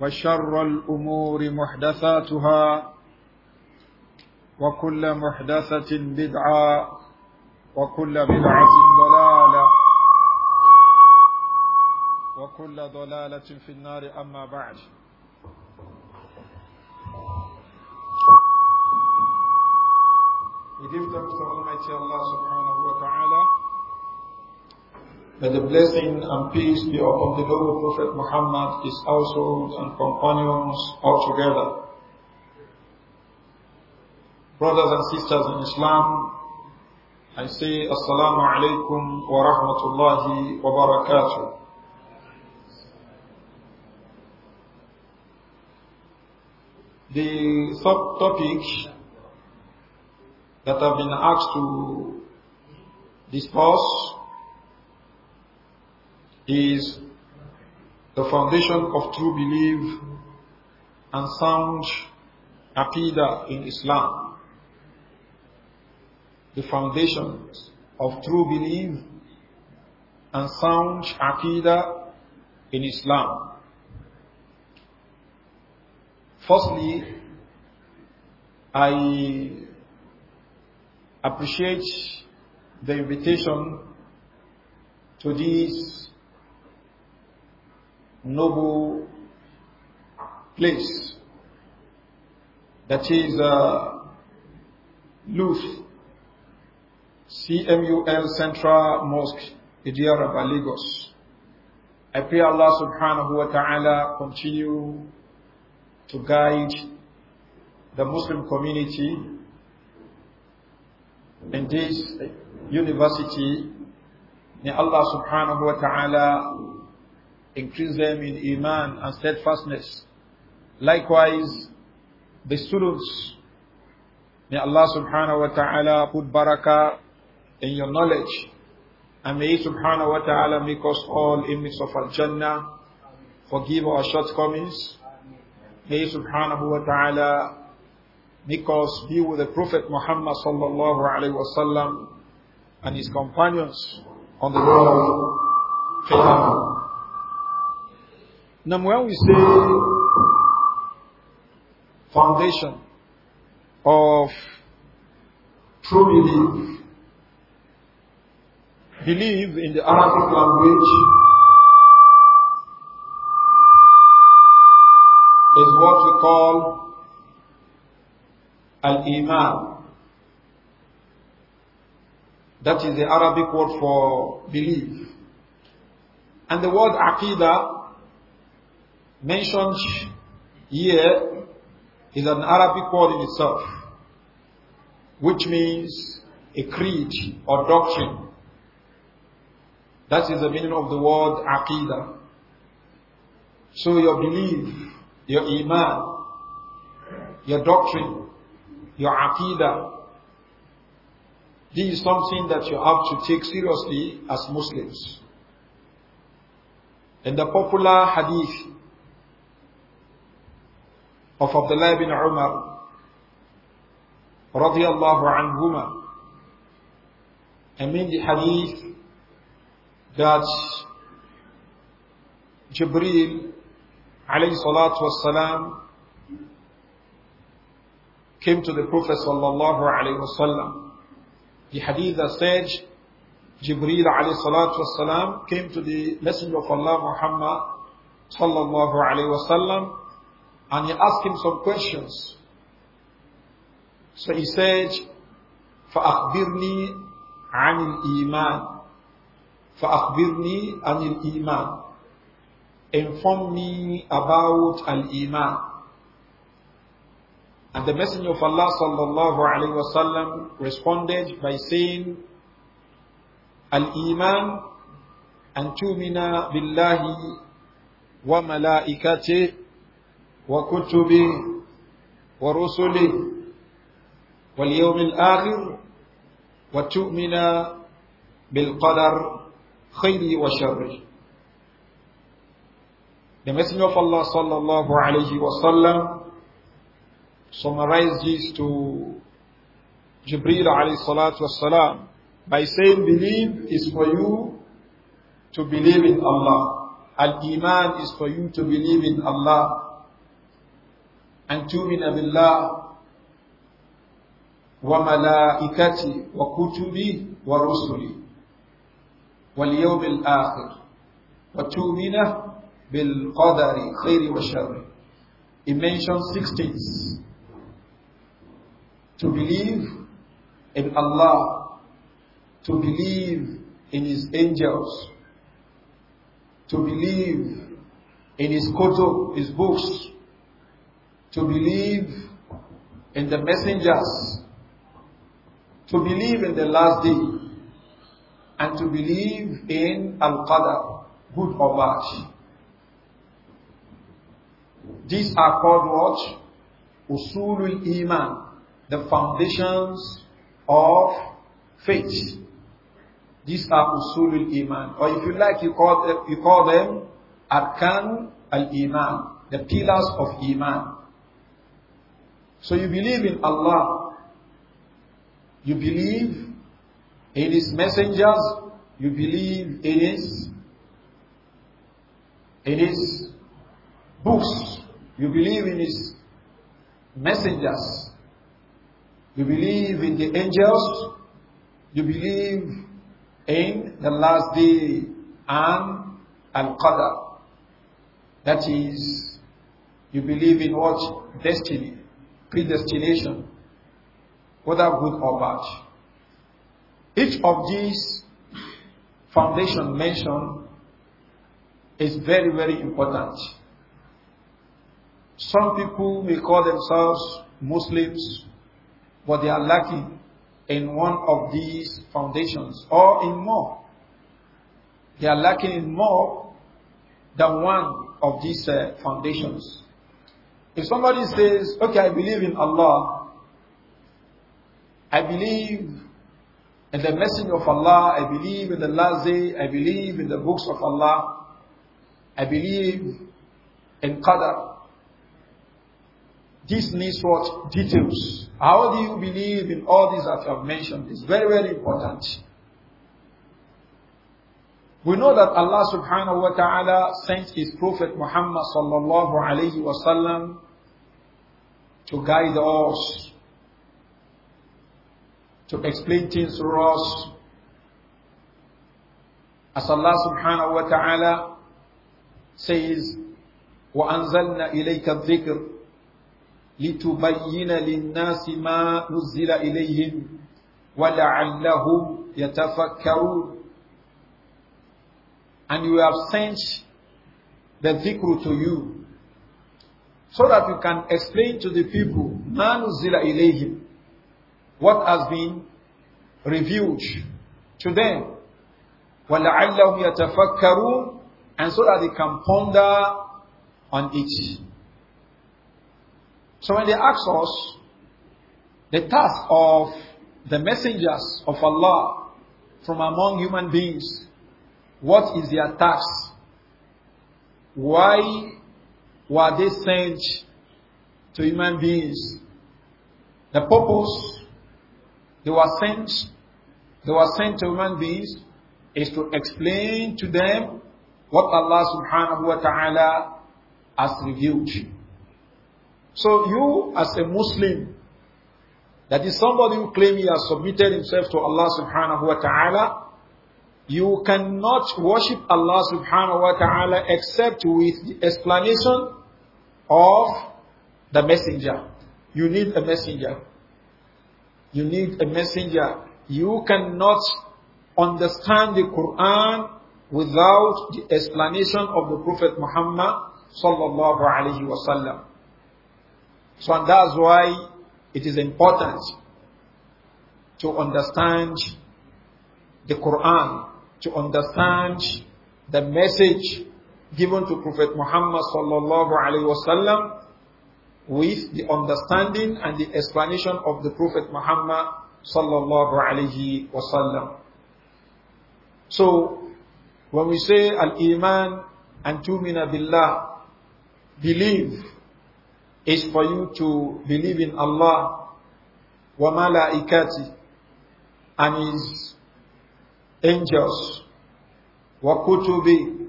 وشر الأمور محدثاتها وكل محدثة بدعة وكل بدعة ضلالة وكل ضلالة في النار أما بعد We give thanks الله سبحانه وتعالى May the blessing and peace be upon the noble Prophet Muhammad, his household and companions all together, Brothers and sisters in Islam, I say Assalamu alaikum wa rahmatullahi wa barakatuh. The topic that I've been asked to discuss is the foundation of true belief and sound aqidah in Islam. The foundation of true belief and sound aqidah in Islam. Firstly, I appreciate the invitation to this noble place. That is uh, Luf, CMUL Central Mosque, Idiaraba, Lagos. I pray Allah subhanahu wa ta'ala continue to guide the Muslim community in this university. May Allah subhanahu wa ta'ala increase them in iman and steadfastness. Likewise, the students, may Allah subhanahu wa ta'ala put barakah in your knowledge. And may He subhanahu wa ta'ala make us all inmates of Al-Jannah, forgive our shortcomings. May He subhanahu wa ta'ala make us be with the Prophet Muhammad sallallahu alayhi wa sallam and his companions on the road. Now, when we say foundation of true belief, believe in the Arabic language is what we call al-iman. That is the Arabic word for belief. And the word aqidah mentioned here is an Arabic word in itself, which means a creed or doctrine. That is the meaning of the word aqidah. So your belief, your iman, your doctrine, your aqidah, this is something that you have to take seriously as Muslims. In the popular hadith of Abdullah bin Umar radiallahu anhuma. I mean the hadith that Jibril alayhi salatu salam came to the Prophet sallallahu alayhi wasallam. The hadith that said Jibril alayhi salatu salam came to the Messenger of Allah Muhammad sallallahu alayhi wasallam and he asked him some questions. So he said, فَأَخْبِرْنِي عَنِ الْإِيمَانِ فَأَخْبِرْنِي عَنِ الْإِيمَانِ Inform me about al-Iman. And the Messenger of Allah sallallahu alayhi wasallam responded by saying, Al-Iman أن تؤمن بالله وملائكته وكتبه ورسله واليوم الآخر وتؤمن بالقدر خيره وشره The Messenger of Allah الله عليه وسلم summarized this to Jibreel alayhi salatu wasalam by saying believe is for you to believe in Allah. Al-Iman is for you to believe in Allah. أن تؤمن بالله وملائكته وكتبه ورسله واليوم الآخر وتؤمن بالقدر خير وشر He mentions six things to believe in Allah, to believe in His angels, to believe in His kutub, His books, to believe in the messengers, to believe in the last day, and to believe in Al-Qadr, good or bad. These are called what? Usulul Iman, the foundations of faith. These are Usulul Iman, or if you like, you call them, you call them Arkan Al-Iman, the pillars of Iman. So you believe in Allah, you believe in His messengers, you believe in His, in His books, you believe in His messengers, you believe in the angels, you believe in the last day and Al-Qadr. That is, you believe in what? Destiny predestination, whether good or bad. Each of these foundation mentioned is very, very important. Some people may call themselves Muslims, but they are lacking in one of these foundations or in more. They are lacking in more than one of these uh, foundations. If somebody says, okay, I believe in Allah, I believe in the messenger of Allah, I believe in the last day, I believe in the books of Allah, I believe in Qadr. This needs what? Details. How do you believe in all these that you have mentioned? It's very, very important. We know that Allah subhanahu wa ta'ala sent his prophet Muhammad sallallahu alayhi wa sallam to guide us, to explain things to us. As Allah subhanahu wa ta'ala says, وَأَنزَلْنَا إِلَيْكَ الذِّكْرِ لِتُبَيِّنَ لِلنَّاسِ مَا نُزِّلَ إِلَيْهِمْ وَلَعَلَّهُمْ يَتَفَكَّرُونَ And we have sent the dhikr to you so that you can explain to the people manuzila ilayhim what has been revealed to them وَلَعَلَّهُمْ يَتَفَكَّرُونَ and so that they can ponder on it. So when they ask us, the task of the messengers of Allah from among human beings, what is their task? Why were they sent to human beings? The purpose they were sent, they were sent to human beings is to explain to them what Allah subhanahu wa ta'ala has revealed. So you as a Muslim, that is somebody who claims he has submitted himself to Allah subhanahu wa ta'ala, you cannot worship Allah subhanahu wa ta'ala except with the explanation of the messenger. You need a messenger. You need a messenger. You cannot understand the Quran without the explanation of the Prophet Muhammad sallallahu alaihi wasallam. So and that's why it is important to understand the Quran to understand the message given to Prophet Muhammad sallallahu alaihi wasallam with the understanding and the explanation of the Prophet Muhammad sallallahu alaihi wasallam. So, when we say al-iman and tumina billah, believe is for you to believe in Allah wa malaikati and His angels, wa kutubi,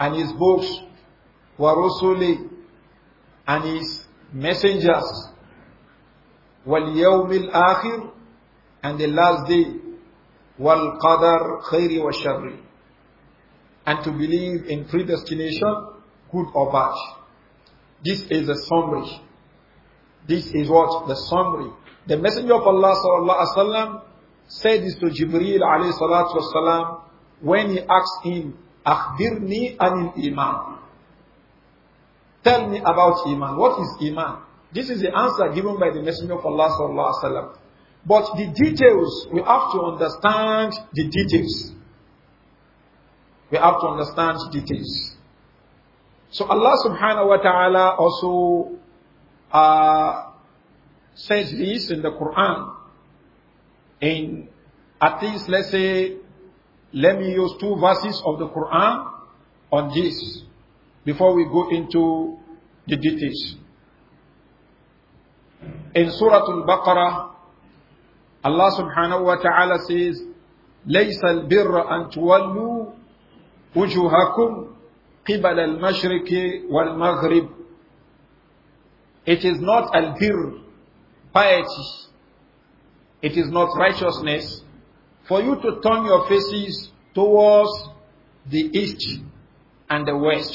and his books, wa rusuli, and his messengers, wal yawmil akhir, and the last day, wal qadar khairi wa sharri, and to believe in predestination, good or bad. This is a summary. This is what? The summary. The Messenger of Allah sallallahu alaihi wasallam said this to Jibril alayhi salatu wasalam when he asked him, Akhbirni anil iman. Tell me about iman. What is iman? This is the answer given by the Messenger of Allah sallallahu wasallam. But the details, we have to understand the details. We have to understand details. So Allah subhanahu wa ta'ala also uh, says this in the Quran in at least, let's say, let me use two verses of the Quran on this before we go into the details. In Surah Al-Baqarah, Allah subhanahu wa ta'ala says, لَيْسَ الْبِرَّ أَن تُوَلُّوا وُجُوهَكُمْ قِبَلَ الْمَشْرِكِ وَالْمَغْرِبِ It is not al-bir, piety, it is not righteousness for you to turn your faces towards the east and the west.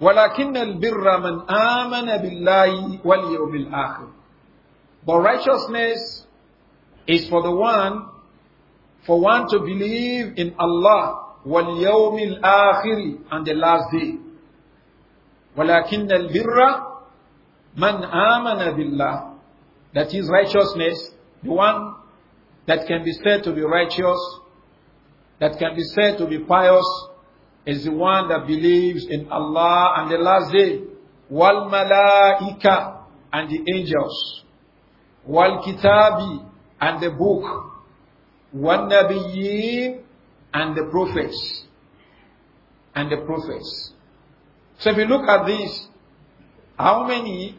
ولكن البر من آمن بالله واليوم الآخر But righteousness is for the one, for one to believe in Allah واليوم الآخر and the last day. ولكن البر من آمن بالله that is righteousness, the one that can be said to be righteous, that can be said to be pious, is the one that believes in Allah and the last day, wal malaika and the angels, wal kitabi and the book, wal nabiyyin and the prophets, and the prophets. So if you look at this, how many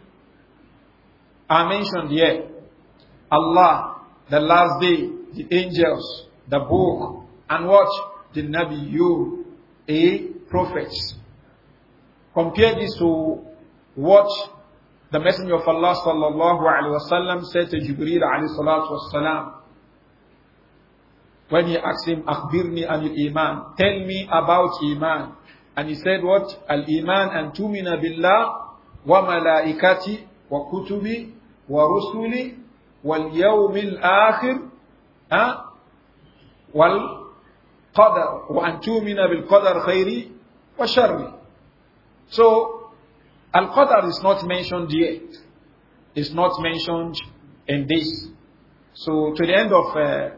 are mentioned here. Allah, the last day, the angels, the book, and what? The Nabi, you, a prophet. Compare this to what the Messenger of Allah sallallahu alaihi wasallam said to Jibril alayhi salatu wasalam when he asked him, "Akhbirni anil iman," tell me about iman, and he said, "What al iman and tumina billah wa malaikati wa kutubi ورسلي واليوم الآخر ها والقدر وأن تؤمن بالقدر خير وشر So القدر is not mentioned yet. It's not mentioned in this. So to the end of uh,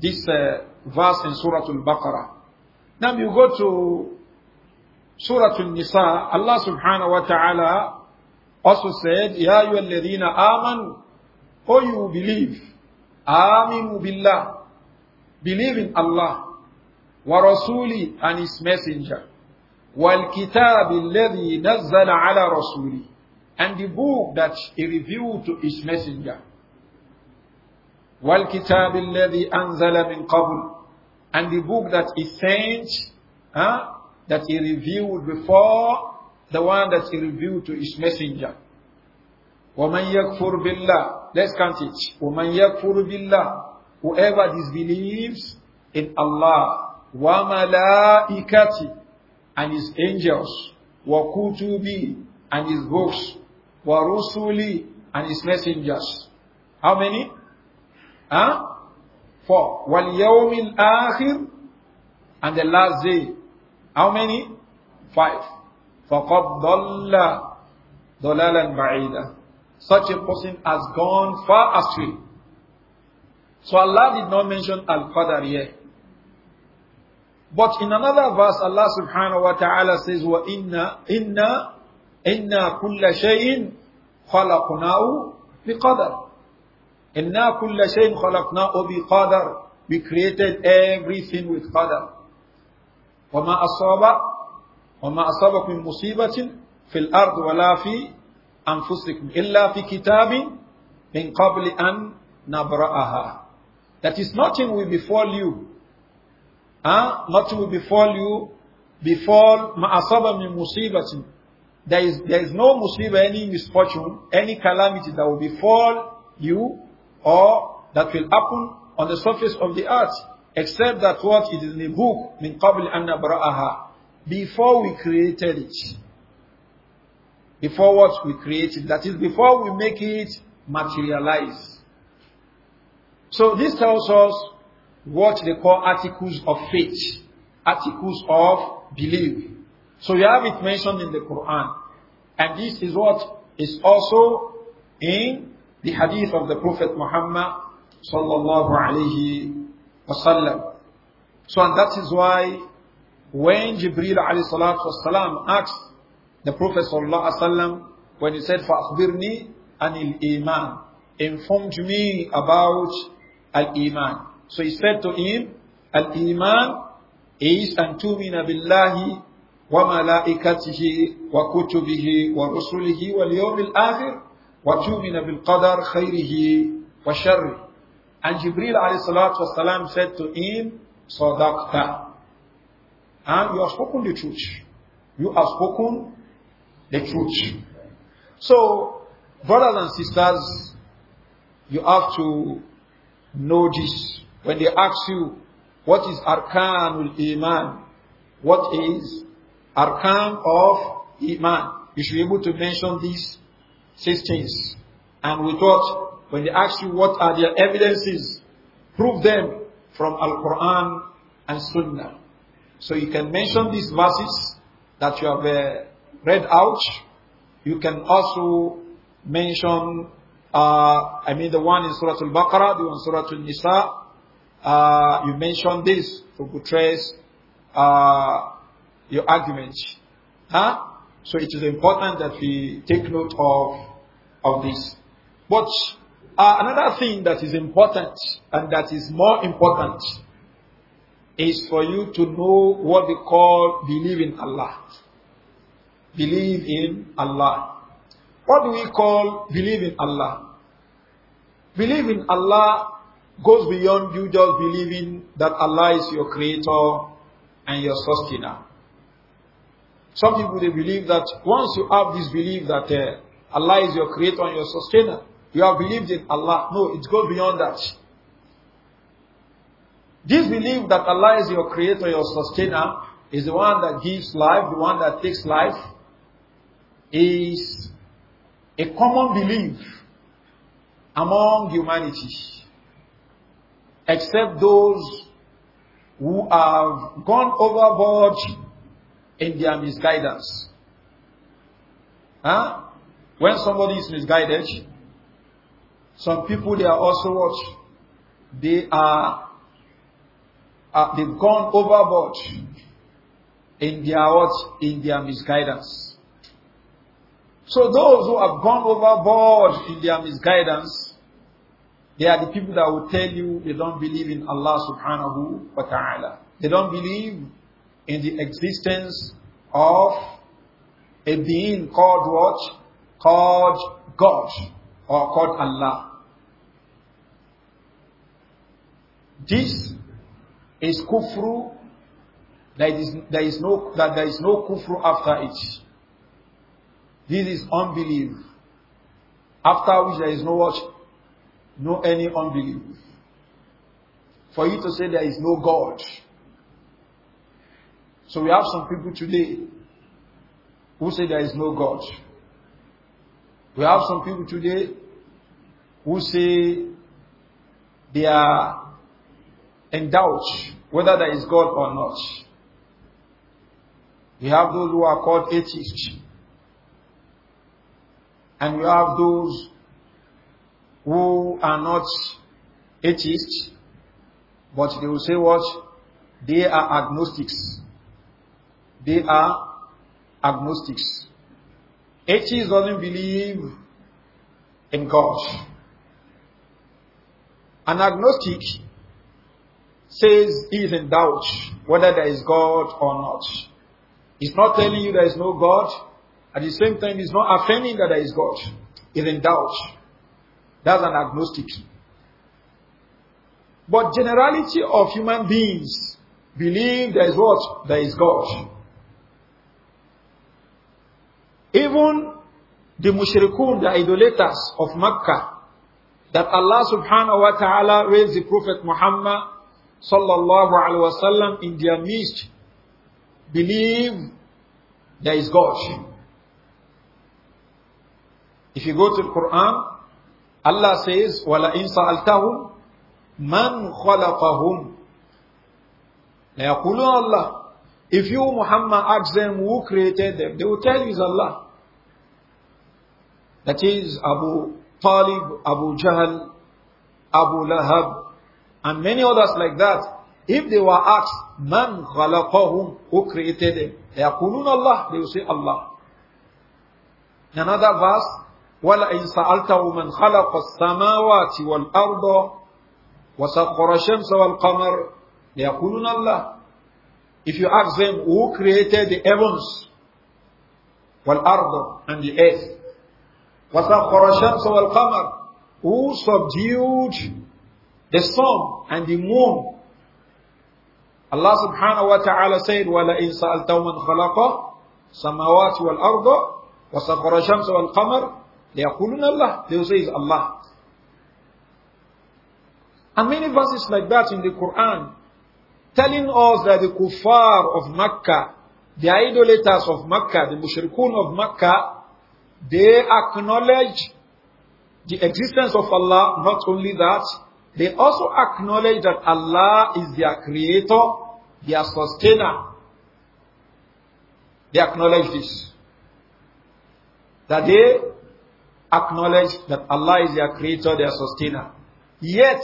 this uh, verse in Surah Al-Baqarah. Now you go to Surah Al-Nisa, Allah subhanahu wa ta'ala also said, Ya ayyuhalladhina aman, O you believe, aminu billah, believe in Allah, wa rasuli and his messenger, wal kitab alladhi nazzala ala rasuli, and the book that he revealed to his messenger, wal kitab alladhi anzala min qabl, and the book that he sent, huh, that he revealed before the one that he revealed to his messenger. وَمَنْ يَكْفُرْ بِاللَّهِ Let's count it. وَمَنْ يَكْفُرْ بِاللَّهِ Whoever disbelieves in Allah, وَمَلَائِكَتِ And his angels, وَكُتُبِ And his books, وَرُسُلِ And his messengers. How many? Huh? Four. وَالْيَوْمِ الْآخِرِ And the last day. How many? Five. فَقَدْ ضَلَّ ضَلَالًا بَعِيدًا Such a person has gone far astray. So Allah did not mention Al-Qadr here. But in another verse, Allah subhanahu wa ta'ala says, Inna inna إِنَّا كُلَّ شَيْءٍ خَلَقْنَاهُ بِقَدَرٍ inna كُلَّ شَيْءٍ خَلَقْنَاهُ qadar We created everything with qadar. وَمَا أَصَابَ وما أصابكم من مصيبة في الأرض ولا في أنفسكم إلا في كتاب من قبل أن نبرأها That is nothing will befall you. Huh? Nothing will befall you before ما أصاب من مصيبة There is, there is no مصيبة any misfortune, any calamity that will befall you or that will happen on the surface of the earth, except that what is in the book, من قبل أن نبرأها before we created it. Before what we created, that is, before we make it materialize. So this tells us what they call articles of faith, articles of belief. So you have it mentioned in the Quran. And this is what is also in the hadith of the Prophet Muhammad sallallahu wasallam. So and that is why when Jibril alayhi salatu wasalam asked the Prophet sallallahu alaihi wasallam when he said, فَأَخْبِرْنِي anil iman, informed me about al-iman. So he said to him, al-iman is an tumina billahi وملائكته وكتبه ورسله واليوم الآخر وتؤمن بالقدر خيره وشره. And Jibril alayhi salatu wasalam said to him, صدقت. And you have spoken the truth. You have spoken the truth. So, brothers and sisters, you have to know this. When they ask you, what is ul iman? What is arkan of iman? You should be able to mention these six things. And we thought, when they ask you what are their evidences, prove them from Al-Quran and Sunnah. So you can mention these verses that you have uh, read out. You can also mention, uh, I mean, the one in Surah Al-Baqarah, the one in Surah Al-Nisa. Uh, you mentioned this to buttress uh, your argument. Huh? So it is important that we take note of of this. But uh, another thing that is important and that is more important is for you to know what we call believe in Allah. Believe in Allah. What do we call believe in Allah? Believe in Allah goes beyond you just believing that Allah is your creator and your sustainer. Some people they believe that once you have this belief that uh, Allah is your creator and your sustainer, you have believed in Allah. No, it goes beyond that. This belief that Allah is your creator, your sustainer, is the one that gives life, the one that takes life, is a common belief among humanity, except those who have gone overboard in their misguidance. Huh? When somebody is misguided, some people they are also what? They are uh, they've gone overboard in their what? In their misguidance. So those who have gone overboard in their misguidance, they are the people that will tell you they don't believe in Allah subhanahu wa ta'ala. They don't believe in the existence of a being called what? Called God or called Allah. This is kufru, there is, there is no, that there is no kufru after it. This is unbelief. After which there is no what? No any unbelief. For you to say there is no God. So we have some people today who say there is no God. We have some people today who say they are and doubt whether there is God or not. We have those who are called atheists. And we have those who are not atheists, but they will say what? They are agnostics. They are agnostics. Atheists doesn't believe in God. An agnostic says he is in doubt whether there is God or not. He's not telling you there is no God. At the same time, he's not affirming that there is God. He's in doubt. That's an agnostic. But generality of human beings believe there is what? There is God. Even the mushrikun, the idolaters of Mecca, that Allah subhanahu wa ta'ala raised the Prophet Muhammad sallallahu alaihi wasallam in their midst believe there is God. If you go to the Quran, Allah says, وَلَئِن سَأَلْتَهُمْ مَنْ خَلَقَهُمْ لَيَقُولُونَ Allah. If you, Muhammad, ask them who created them, they will tell you is Allah. That is Abu Talib, Abu Jahl, Abu Lahab, and many others like that. If they were asked, Man khalaqahum, who created them? يَقُولُونَ Allah, they will say Allah. In another verse, وَلَئِنْ سَأَلْتَهُ مَنْ خَلَقَ السَّمَاوَاتِ وَالْأَرْضَ وَسَقَرَ الشَّمْسَ وَالْقَمَرَ لَيَقُولُونَ اللَّهُ If you ask them, who created the heavens, وَالْأَرْضَ and the earth, وَسَخَّرَ الشَّمْسَ وَالْقَمَرَ Who subdued the sun and the moon. Allah subhanahu wa ta'ala said, وَلَئِنْ سَأَلْتَهُ مَنْ خَلَقَ السَّمَاوَاتِ وَالْأَرْضَ وَسَخَرَ الشَّمْسَ وَالْقَمَرَ لَيَقُولُنَ اللَّهِ They will say, it's Allah. And many verses like that in the Quran telling us that the kuffar of Makkah, the idolaters of Makkah, the mushrikun of Makkah, they acknowledge the existence of Allah, not only that, they also acknowledge that Allah is their creator, their sustainer. They acknowledge this. That they acknowledge that Allah is their creator, their sustainer. Yet,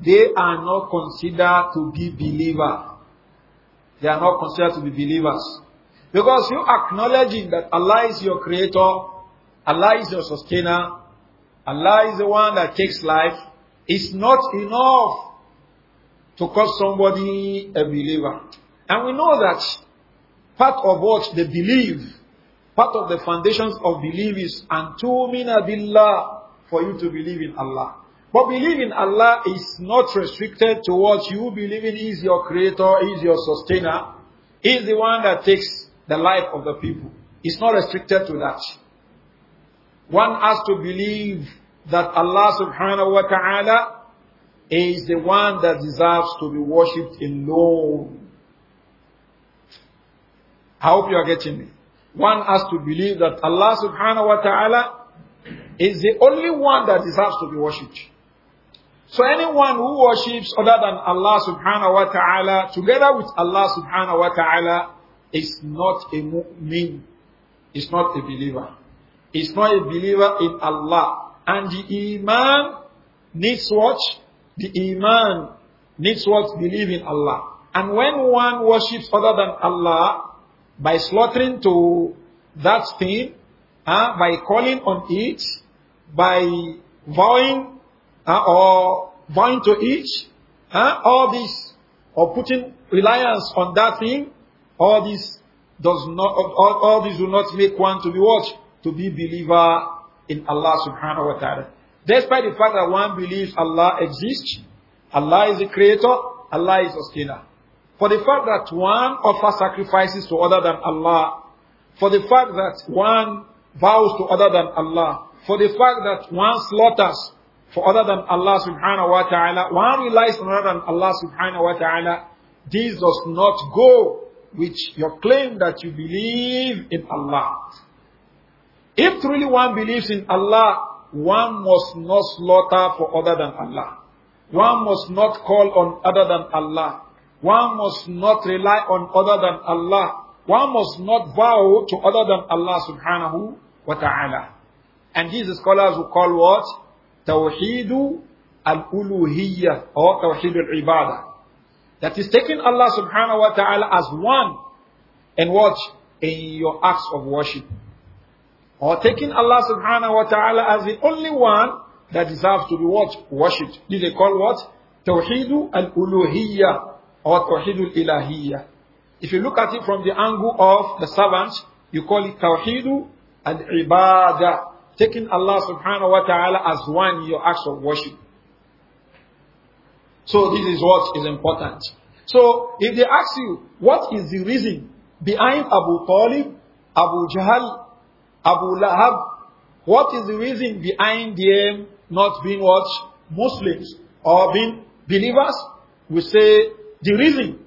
they are not considered to be believers. They are not considered to be believers. Because you acknowledging that Allah is your creator, Allah is your sustainer, Allah is the one that takes life, is not enough to call somebody a believer. And we know that part of what they believe, part of the foundations of belief is antumina billah, for you to believe in Allah. But believing Allah is not restricted to what you believe in is your creator, is your sustainer, is the one that takes the life of the people. It's not restricted to that. One has to believe that Allah subhanahu wa ta'ala is the one that deserves to be worshipped alone. I hope you are getting me. One has to believe that Allah subhanahu wa ta'ala is the only one that deserves to be worshipped. So anyone who worships other than Allah subhanahu wa ta'ala together with Allah subhanahu wa ta'ala is not a mu'min, is not a believer. Is not a believer in Allah. And the Iman needs what? The Iman needs what? Believe in Allah. And when one worships other than Allah, by slaughtering to that thing, uh, by calling on it, by vowing uh, or vowing to it, uh, all this, or putting reliance on that thing, all this does not, all, all this will not make one to be what? To be believer in Allah subhanahu wa ta'ala. Despite the fact that one believes Allah exists, Allah is the creator, Allah is sustainer. For the fact that one offers sacrifices to other than Allah, for the fact that one vows to other than Allah, for the fact that one slaughters for other than Allah subhanahu wa ta'ala, one relies on other than Allah subhanahu wa ta'ala, this does not go with your claim that you believe in Allah. If truly one believes in Allah, one must not slaughter for other than Allah. One must not call on other than Allah. One must not rely on other than Allah. One must not vow to other than Allah subhanahu wa ta'ala. And these scholars will call what? Tawheedu al-uluhiyyah or Tawheed al-ibadah. That is taking Allah subhanahu wa ta'ala as one and what? In your acts of worship or taking Allah subhanahu wa ta'ala as the only one that deserves to be what? Worshipped. Did they call what? Tawheedu al-uluhiyya or Tawheedu al-ilahiyya. If you look at it from the angle of the servant, you call it Tawheedu al-ibadah. Taking Allah subhanahu wa ta'ala as one in your acts of worship. So this is what is important. So if they ask you, what is the reason behind Abu Talib, Abu Jahl, Abu Lahab, what is the reason behind them not being what? Muslims or being believers? We say the reason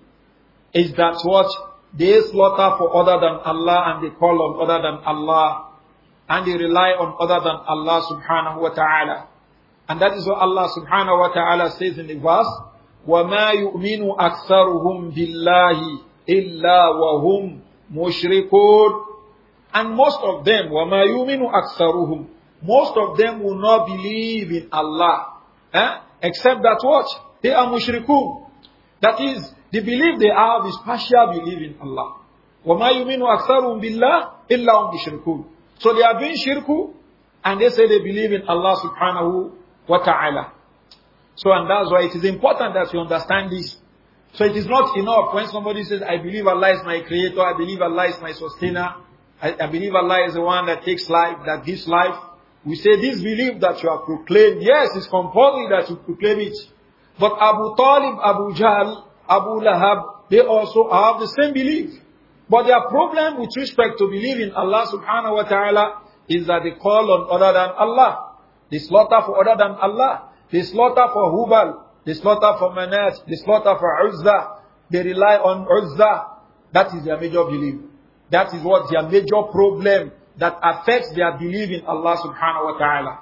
is that what? They slaughter for other than Allah and they call on other than Allah and they rely on other than Allah subhanahu wa ta'ala. And that is what Allah subhanahu wa ta'ala says in the verse, وَمَا يُؤْمِنُ أَكْثَرُهُمْ بِاللَّهِ إِلَّا وَهُمْ مُشْرِكُونَ and most of them, وَمَا يُؤْمِنُ أَكْثَرُهُمْ Most of them will not believe in Allah. Eh? Except that what? They are mushrikun. That is, the belief they have is partial belief in Allah. وَمَا يُؤْمِنُ أَكْثَرُهُمْ بِاللَّهِ إِلَّا هُمْ بِشِرْكُونَ So they are doing shirku, and they say they believe in Allah subhanahu wa ta'ala. So and that's why it is important that we understand this. So it is not enough when somebody says, I believe Allah is my creator, I believe Allah is my sustainer, I, I believe Allah is the one that takes life, that gives life. We say this belief that you have proclaimed, yes, it's compulsory that you proclaim it. But Abu Talib, Abu Jahl, Abu Lahab, they also have the same belief. But their problem with respect to believing Allah subhanahu wa ta'ala is that they call on other than Allah. They slaughter for other than Allah. They slaughter for Hubal. They slaughter for Manat. They slaughter for Uzza. They rely on Uzza. That is their major belief. That is what their major problem that affects their belief in Allah subhanahu wa ta'ala.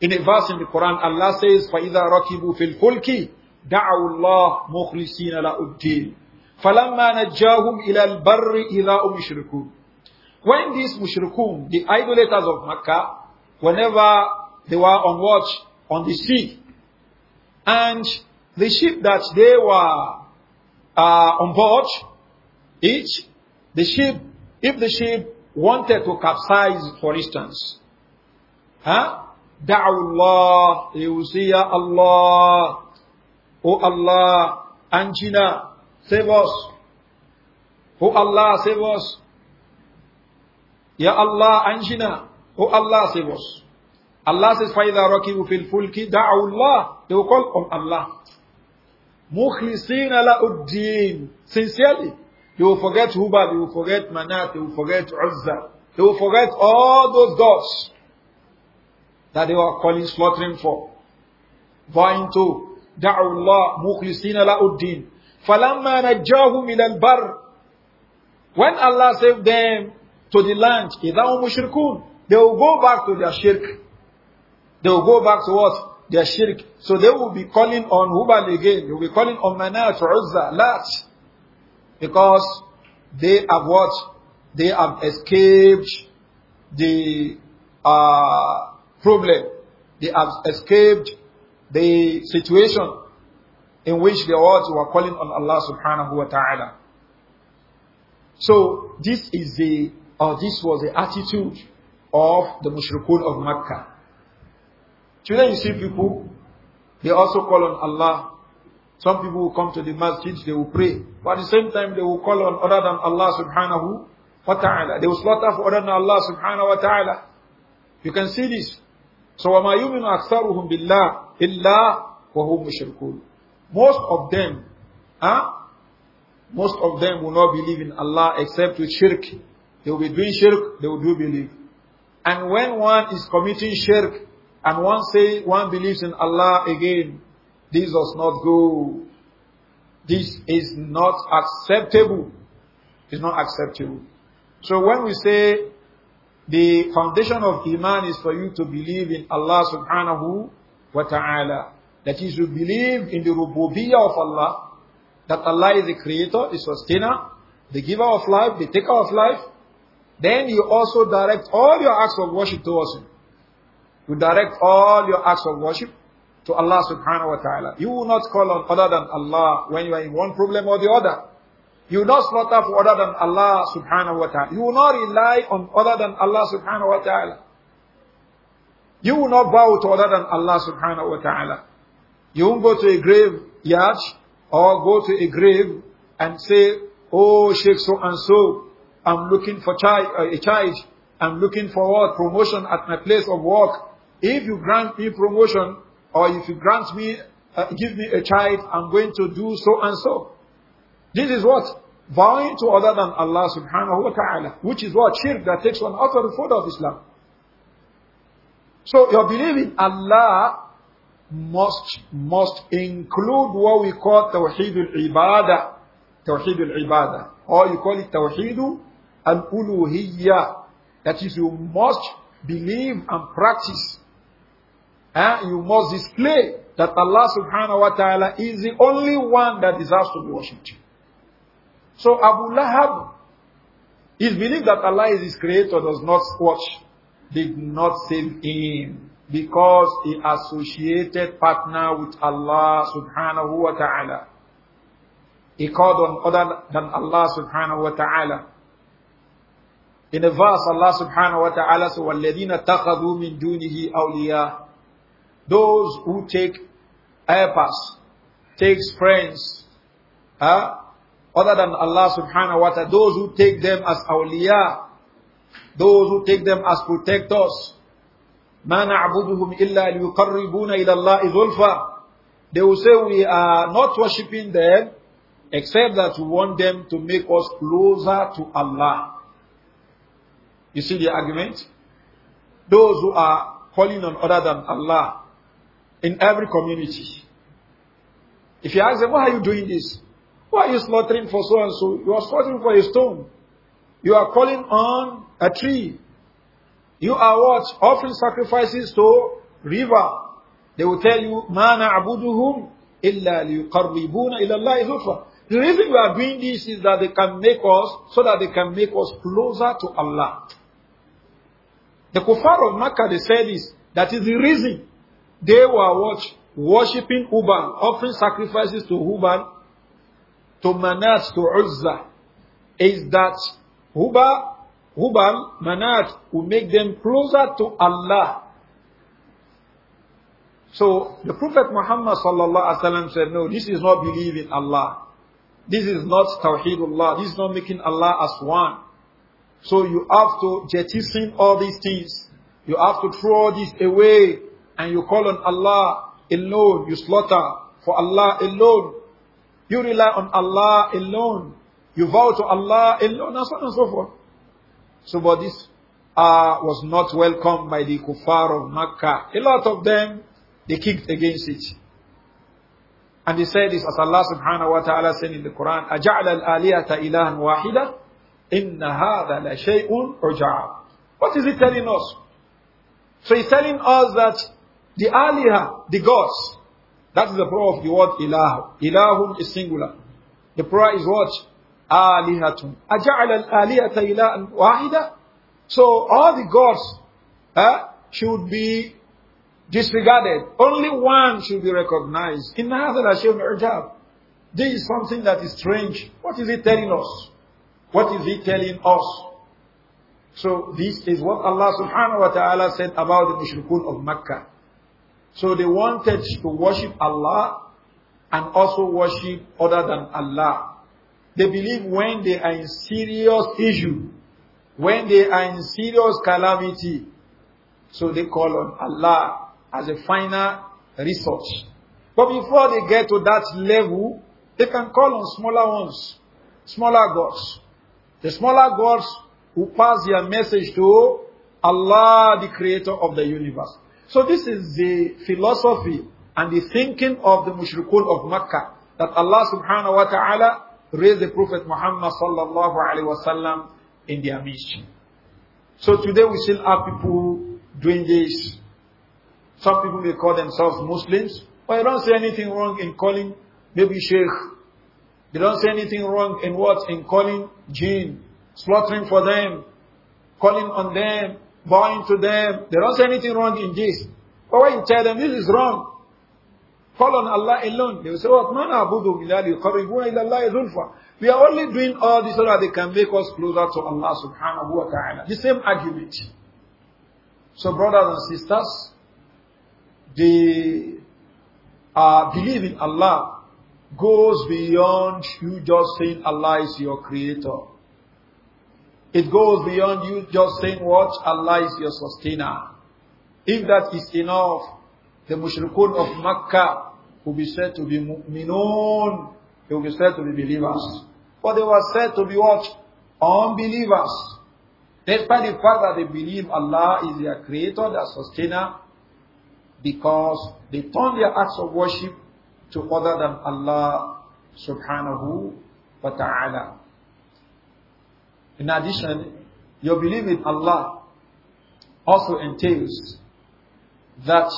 In a verse in the Quran, Allah says, فَإِذَا رَكِبُوا فِي الْفُلْكِ دَعَوُا اللَّهِ مُخْلِصِينَ لَأُدِّينَ فَلَمَّا نَجَّاهُمْ إِلَى الْبَرِّ إِذَا أُمْ When these mushrikun, the idolaters of Makkah, whenever they were on watch on the sea, and the ship that they were uh, on board, each the ship, if the ship wanted to capsize, for instance, huh? Da'ullah, they will say, Allah, O Allah, Anjina, save us. O Allah, save us. Ya Allah, Anjina, O Allah, save us. Allah says, فَإِذَا رَكِبُوا فِي الْفُلْكِ دَعُوا اللَّهِ They will call on Allah. مُخْلِصِينَ uddīn, Sincerely, he will forget Hubab, he will forget Manat, he will forget Uzza. He will forget all those gods that they were calling slaughtering for. Going to دعوا الله مخلصين له الدين فلما نجاهم إلى البر When Allah saved them to the land, إذا هم مشركون They will go back to their shirk. They will go back to what? Their shirk. So they will be calling on Hubal again. They will be calling on Manat, Uzza, Lat. Because they have what? They have escaped the uh, problem. They have escaped the situation in which they were calling on Allah subhanahu wa ta'ala. So this is the or this was the attitude of the mushrikun of Makkah. Today you see people, they also call on Allah some people will come to the masjid, they will pray. But at the same time, they will call on other than Allah subhanahu wa ta'ala. They will slaughter for other than Allah subhanahu wa ta'ala. You can see this. So, وَمَا يُؤْمِنُ أَكْثَرُهُمْ بِاللَّهِ إِلَّا وَهُمْ مُشْرِكُونَ Most of them, huh? most of them will not believe in Allah except with shirk. They will be doing shirk, they will do believe. And when one is committing shirk, and one say one believes in Allah again, this does not go. This is not acceptable. It's not acceptable. So when we say the foundation of Iman is for you to believe in Allah subhanahu wa ta'ala, that is you believe in the rububiyyah of Allah, that Allah is the creator, the sustainer, the giver of life, the taker of life, then you also direct all your acts of worship towards Him. You direct all your acts of worship to Allah subhanahu wa ta'ala. You will not call on other than Allah when you are in one problem or the other. You will not slaughter for other than Allah subhanahu wa ta'ala. You will not rely on other than Allah subhanahu wa ta'ala. You will not bow to other than Allah subhanahu wa ta'ala. You won't go to a grave yard or go to a grave and say, Oh, Sheikh so and so, I'm looking for uh, a child. I'm looking for what? Promotion at my place of work. If you grant me promotion, or if you grant me, uh, give me a child, I'm going to do so and so. This is what? Vowing to other than Allah subhanahu wa ta'ala. Which is what? Shirk that takes one out of the fold of Islam. So your belief in Allah must, must include what we call Tawheed al-Ibadah. Tawheed al-Ibadah. Or you call it Tawheed al-Uluhiyya. That is, you must believe and practice Eh? You must display that Allah subhanahu wa ta'ala is the only one that deserves to be worshipped. So Abu Lahab, his belief that Allah is his creator does not watch, did not save him because he associated partner with Allah subhanahu wa ta'ala. He called on other than Allah subhanahu wa ta'ala. In a verse, Allah subhanahu wa ta'ala says, وَالَّذِينَ اتَّخَذُوا مِن دُونِهِ أَوْلِيَاءَ those who take helpers, takes friends, huh? other than Allah subhanahu wa ta'ala, those who take them as awliya, those who take them as protectors. مَا نَعْبُدُهُمْ إِلَّا لِيُقَرِّبُونَ إِلَى اللَّهِ ذُلْفَى They will say we are not worshipping them except that we want them to make us closer to Allah. You see the argument? Those who are calling on other than Allah, in every community. If you ask them, why are you doing this? Why are you slaughtering for so and so? You are slaughtering for a stone. You are calling on a tree. You are what? Offering sacrifices to river. They will tell you, مَا نَعْبُدُهُمْ إِلَّا لِيُقَرِّبُونَ إِلَى اللَّهِ ذُفَّ The reason we are doing this is that they can make us, so that they can make us closer to Allah. The kuffar of Makkah, they said this, that is the reason they were what? Worshipping Uban, offering sacrifices to Uban, to Manat, to Uzza. Is that Huba, Huban, Manat will make them closer to Allah. So the Prophet Muhammad sallallahu alaihi wasallam said, "No, this is not believing Allah. This is not Allah. This is not making Allah as one." So you have to jettison all these things. You have to throw all this away and you call on Allah alone, you slaughter for Allah alone, you rely on Allah alone, you vow to Allah alone, and so on and so forth. So, but this uh, was not welcomed by the kuffar of Makkah. A lot of them, they kicked against it. And they said this as Allah subhanahu wa ta'ala said in the Quran, أَجَعْلَ الْآلِيَةَ إِلَهًا وَاحِدًا إِنَّ هَذَا لَشَيْءٌ عُجَعَبٌ What is he telling us? So he's telling us that the aliha, the gods. That is the plural of the word ilahu. Ilahun is singular. The plural is what? Alihatun. Aja'ala al-alihata ilahan wahida. So all the gods uh, should be disregarded. Only one should be recognized. In hadha la This is something that is strange. What is he telling us? What is he telling us? So this is what Allah subhanahu wa ta'ala said about the mushrikun of Makkah. So they wanted to worship Allah and also worship other than Allah. They believe when they are in serious issue, when they are in serious calamity, so they call on Allah as a final resource. But before they get to that level, they can call on smaller ones, smaller gods. The smaller gods who pass their message to Allah, the creator of the universe. So this is the philosophy and the thinking of the mushrikun of Makkah that Allah subhanahu wa ta'ala raised the Prophet Muhammad sallallahu alaihi wasallam in their mission. So today we still have people doing this. Some people may call themselves Muslims, but I don't see anything wrong in calling maybe Sheikh. They don't see anything wrong in what? In calling jinn, slaughtering for them, calling on them, bowing to them. They don't say anything wrong in this. But when you tell them this is wrong, call on Allah alone. They will say, What oh, man abudu illa We are only doing all this so that they can make us closer to Allah subhanahu wa ta'ala. The same argument. So brothers and sisters, the uh, belief in Allah goes beyond you just saying Allah is your creator. It goes beyond you just saying what? Allah is your sustainer. If that is enough, the mushrikun of Makkah will be said to be mu'minun. They will be said to be believers. But they were said to be what? Unbelievers. Despite the fact that they believe Allah is their creator, their sustainer, because they turn their acts of worship to other than Allah subhanahu wa ta'ala. In addition, your belief in Allah also entails that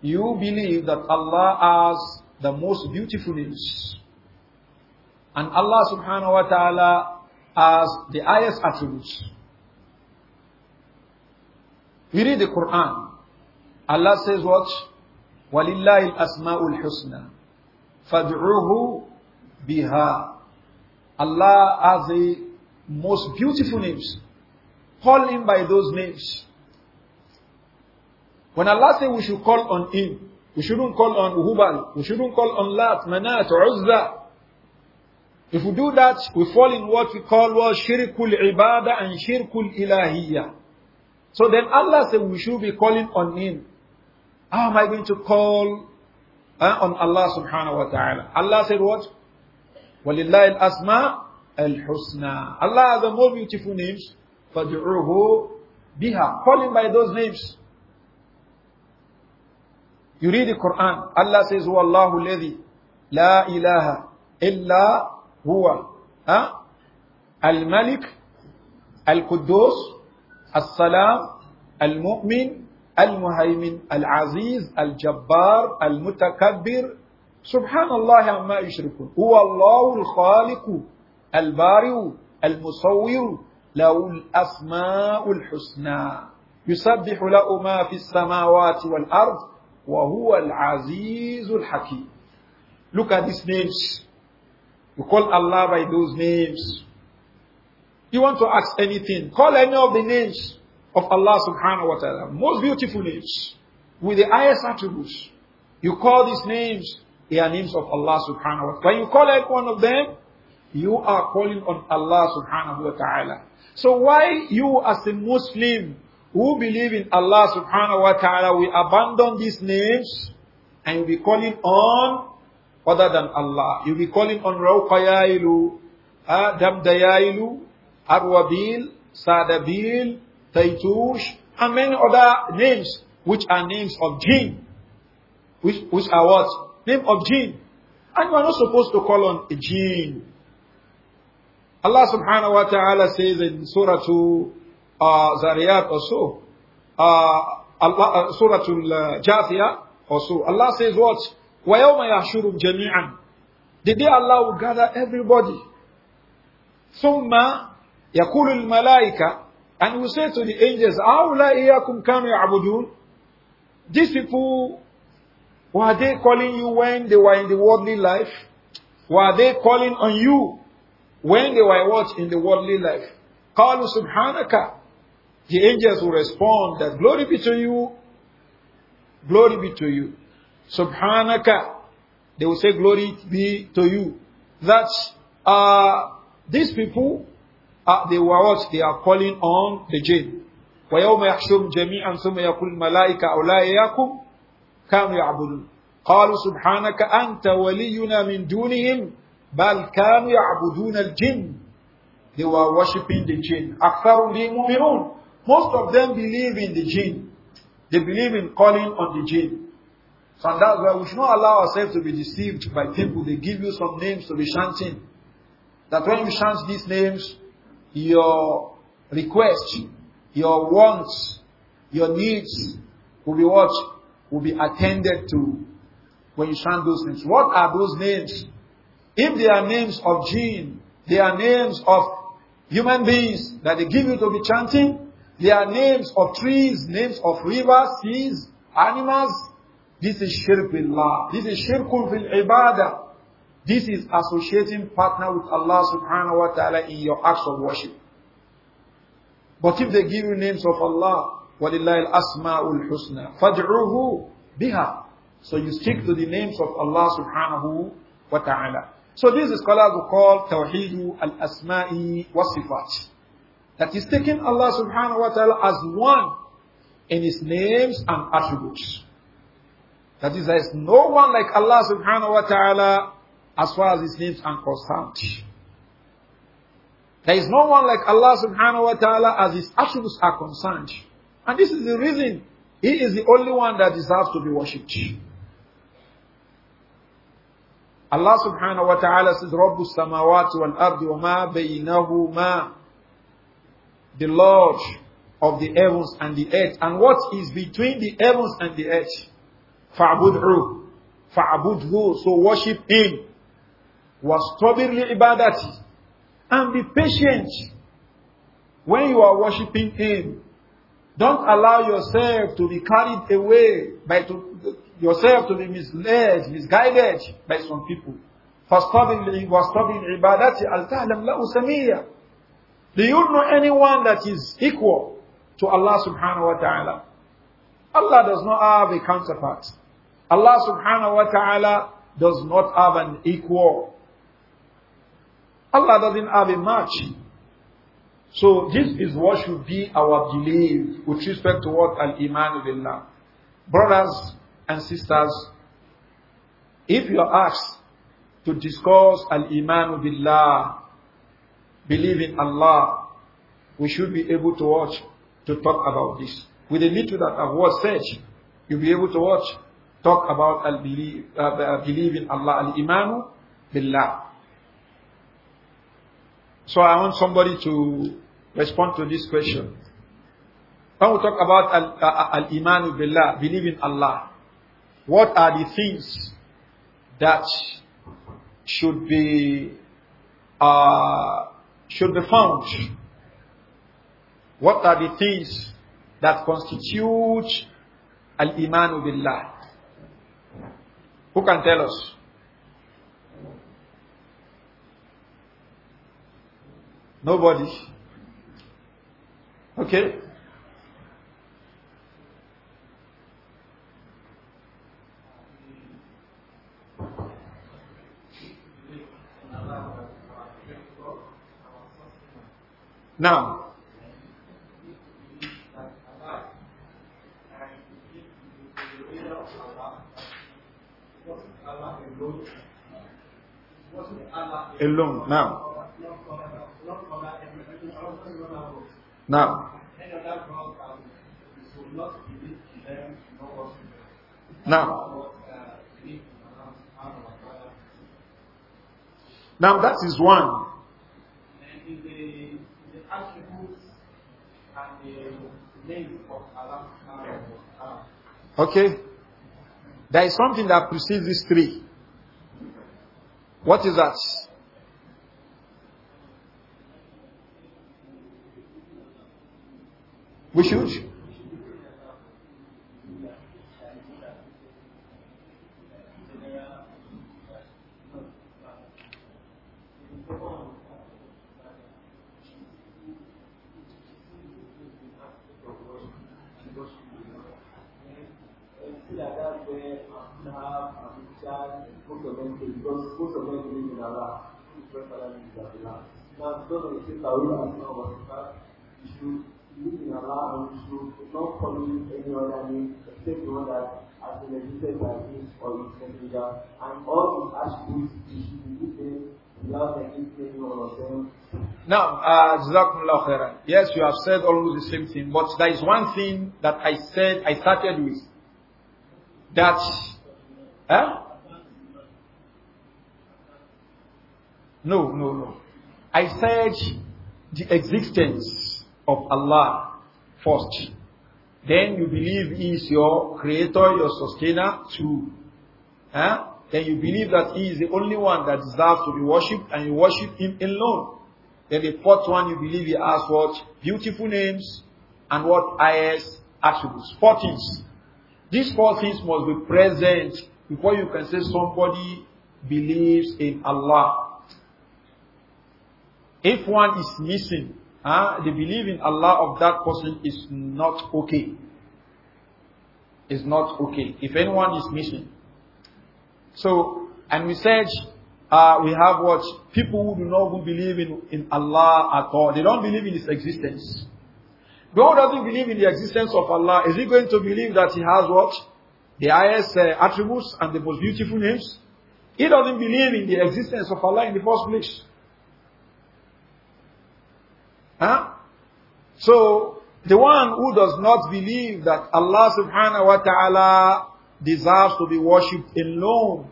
you believe that Allah has the most beautiful names. And Allah subhanahu wa ta'ala has the highest attributes. We read the Quran. Allah says what? وَلِلَّهِ الْأَسْمَاءُ الْحُسْنَى فَادْعُوهُ بِهَا Allah has the most beautiful names. Call him by those names. When Allah says we should call on him, we shouldn't call on Uhubal, we shouldn't call on Lat, Manat, Uzza. If we do that, we fall in what we call was shirkul ibadah and shirkul ilahiyah. So then Allah said we should be calling on him. How am I going to call uh, on Allah subhanahu wa ta'ala? Allah said what? وَلِلَّهِ الْأَسْمَاءُ الحسنى. Allah has the more beautiful names. فَدْعُوهُ بِهَا Call him by those names. You read the Quran. Allah says, هو الله الذي لا إله إلا هو الملك القدوس السلام المؤمن المهيمن العزيز الجبار المتكبر سبحان الله عما يشركون هو الله الخالق البارئ المصور له الأسماء الحسنى يسبح له ما في السماوات والأرض وهو العزيز الحكيم Look at these names. You call Allah by those names. You want to ask anything, call any of the names of Allah subhanahu wa ta'ala. Most beautiful names with the highest attributes. You call these names, they are names of Allah subhanahu wa ta'ala. When you call any one of them, you are calling on Allah subhanahu wa ta'ala. So why you as a Muslim who believe in Allah subhanahu wa ta'ala we abandon these names and you'll be calling on other than Allah. You'll be calling on Rauqayailu, uh, Damdayailu, Arwabil, Sadabil, Taitush, and many other names which are names of jinn. Which, which are what? Name of jinn. And you are not supposed to call on a jinn. Allah subhanahu wa ta'ala says in Surah to uh, Zariyat or so, uh, Allah, uh, Surah to uh, Jathiyah or so, Allah says what? وَيَوْمَ يَحْشُرُمْ جَمِيعًا The day Allah will gather everybody. ثُمَّ يَقُولُ الْمَلَائِكَةِ And will say to the angels, أَوْلَا إِيَاكُمْ كَانُوا يَعْبُدُونَ These people, were they calling you when they were in the worldly life? Were they calling on you when they were what? In the worldly life. Qalu subhanaka. The angels will respond that glory be to you. Glory be to you. Subhanaka. They will say glory be to you. That uh, these people, uh, they were what? They are calling on the jinn. ويوم يحشرهم جميعا ثم يقول الملائكة أولئكم كانوا يعبدون قالوا سبحانك أنت ولينا من دونهم بل كانوا يعبدون الجن they were worshipping the jinn أكثرهم مؤمنون most of them believe in the jinn they believe in calling on the jinn so that's why we should not allow ourselves to be deceived by people they give you some names to be chanting that when you chant these names your request your wants your needs will be what will be attended to when you chant those names what are those names if they are names of jinn, they are names of human beings that they give you to be chanting, they are names of trees, names of rivers, seas, animals. This is shirk Allah. This is shirkun fil ibadah. This is associating partner with Allah subhanahu wa ta'ala in your acts of worship. But if they give you names of Allah, وَلِلَّهِ الْأَسْمَاءُ الْحُسْنَى فَادْعُوهُ biha. So you stick to the names of Allah subhanahu wa ta'ala. So this is scholars who call Tawheed al-Asma'i wa Sifat. That is taking Allah subhanahu wa ta'ala as one in His names and attributes. That is, there is no one like Allah subhanahu wa ta'ala as far as His names are concerned. There is no one like Allah subhanahu wa ta'ala as His attributes are concerned. And this is the reason He is the only one that deserves to be worshipped. Allah subhanahu wa ta'ala says, Rabbu samawati wal ardi wa The Lord of the heavens and the earth. And what is between the heavens and the earth? Fa'budhu. Fa'budhu. So worship Him. Wastabir li ibadati. And be patient when you are worshiping Him. Don't allow yourself to be carried away by to, yourself to be misled, misguided by some people. فَاسْتَبِنْ عِبَادَةِ أَلْتَعْلَمْ لَهُ سَمِيًّا Do you know anyone that is equal to Allah subhanahu wa ta'ala? Allah does not have a counterpart. Allah subhanahu wa ta'ala does not have an equal. Allah doesn't have a match. So this is what should be our belief with respect to what Al-Iman Billah. Brothers, and sisters, if you are asked to discuss Al-Imanu Billah, believe in Allah, we should be able to watch, to talk about this. With a little that I've was said, you'll be able to watch, talk about al-believe, uh, uh, believe in Allah, al-imanu billah. So I want somebody to respond to this question. When we talk about uh, uh, al-imanu billah, believe in Allah, what are the things that should be uh, should be found? What are the things that constitute al-imanu billah? Who can tell us? Nobody. Okay. Now, alone now. Now. Now. Now that is one. Okay? There is something that precedes these three. What is that? We should. Now, because the And all should Now, uh, Yes, you have said almost the same thing, but there is one thing that I said, I started with. That, No, no, no. I said the existence of Allah first. Then you believe He is your creator, your sustainer too. Huh? Then you believe that He is the only one that deserves to be worshipped and you worship Him alone. Then the fourth one, you believe He has what? Beautiful names and what? IS attributes. Four things. These four things must be present before you can say somebody believes in Allah. If one is missing, uh, the belief in Allah of that person is not okay. Is not okay. If anyone is missing. So, and we said, uh, we have what? People who do not who believe in, in Allah at all. They don't believe in His existence. God doesn't believe in the existence of Allah. Is he going to believe that He has what? The highest uh, attributes and the most beautiful names? He doesn't believe in the existence of Allah in the first place. Huh? So, the one who does not believe that Allah subhanahu wa ta'ala deserves to be worshipped alone.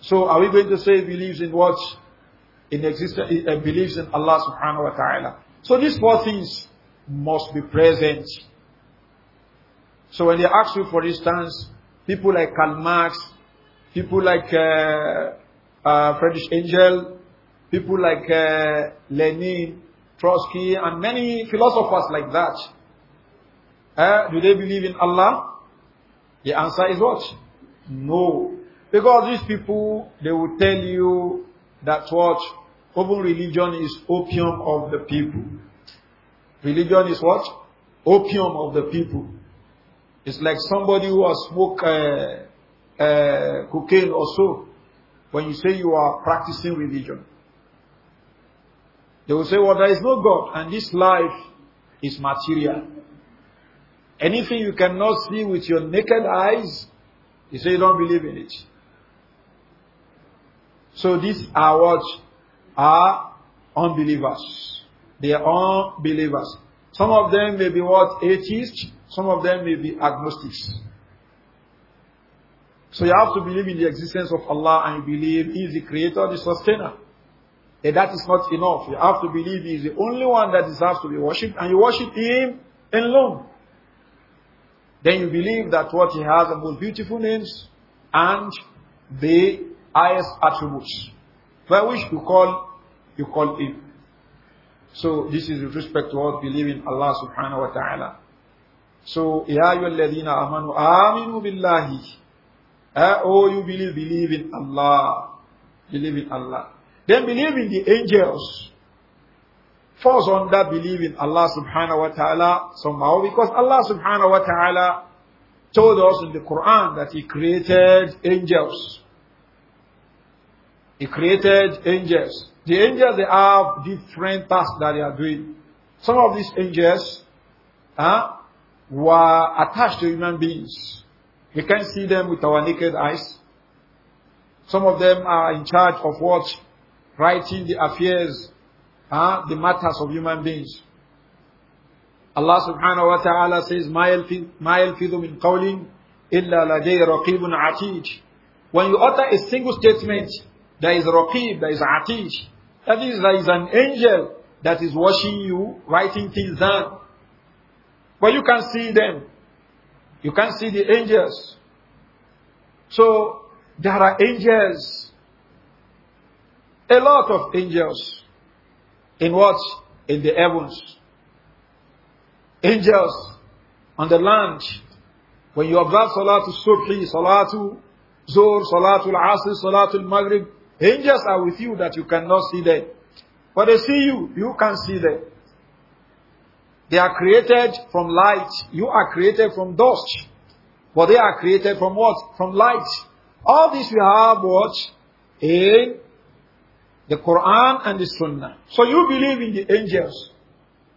So, are we going to say believes in what? In existence, uh, believes in Allah subhanahu wa ta'ala. So, these four things must be present. So, when they ask you, for instance, people like Karl Marx, people like uh, uh, Friedrich Engel, People like uh, Lenin, Trotsky, and many philosophers like that. Uh, do they believe in Allah? The answer is what? No. Because these people, they will tell you that what? Open religion is opium of the people. Religion is what? Opium of the people. It's like somebody who has smoked uh, uh, cocaine or so. When you say you are practicing religion. They will say, well, there is no God, and this life is material. Anything you cannot see with your naked eyes, you say you don't believe in it. So these are what are unbelievers. They are unbelievers. Some of them may be what? Atheists. Some of them may be agnostics. So you have to believe in the existence of Allah and you believe He is the creator, the sustainer that is not enough. You have to believe He is the only one that deserves to be worshipped, and you worship Him alone. Then you believe that what He has the most beautiful names and the highest attributes, by which you call you call Him. So this is with respect to what believing Allah subhanahu wa ta'ala. So, Ya ayyuhalladhina amanu aminu billahi. Eh, oh, you believe, believe in Allah. Believe in Allah. Then believe in the angels falls on that in Allah subhanahu wa ta'ala somehow because Allah subhanahu wa ta'ala told us in the Quran that He created angels. He created angels. The angels, they have different tasks that they are doing. Some of these angels huh, were attached to human beings. We can't see them with our naked eyes. Some of them are in charge of what? writing the affairs, huh, the matters of human beings. Allah subhanahu wa ta'ala says, مَا يَلْفِظُ مِنْ قَوْلٍ إِلَّا لَدَيْهِ رَقِيبٌ عَتِيدٌ When you utter a single statement, there is raqib, there is atij. That is, there is an angel that is watching you, writing things down. But you can see them. You can see the angels. So, there are angels a lot of angels. In what? In the heavens. Angels on the land. When you observe Salatul Subhi, Salatul Zuhr, Salatul Asr, Salatul Maghrib, angels are with you that you cannot see them. But they see you, you can see them. They are created from light. You are created from dust. But they are created from what? From light. All this we have what? In the Quran and the Sunnah. So you believe in the angels.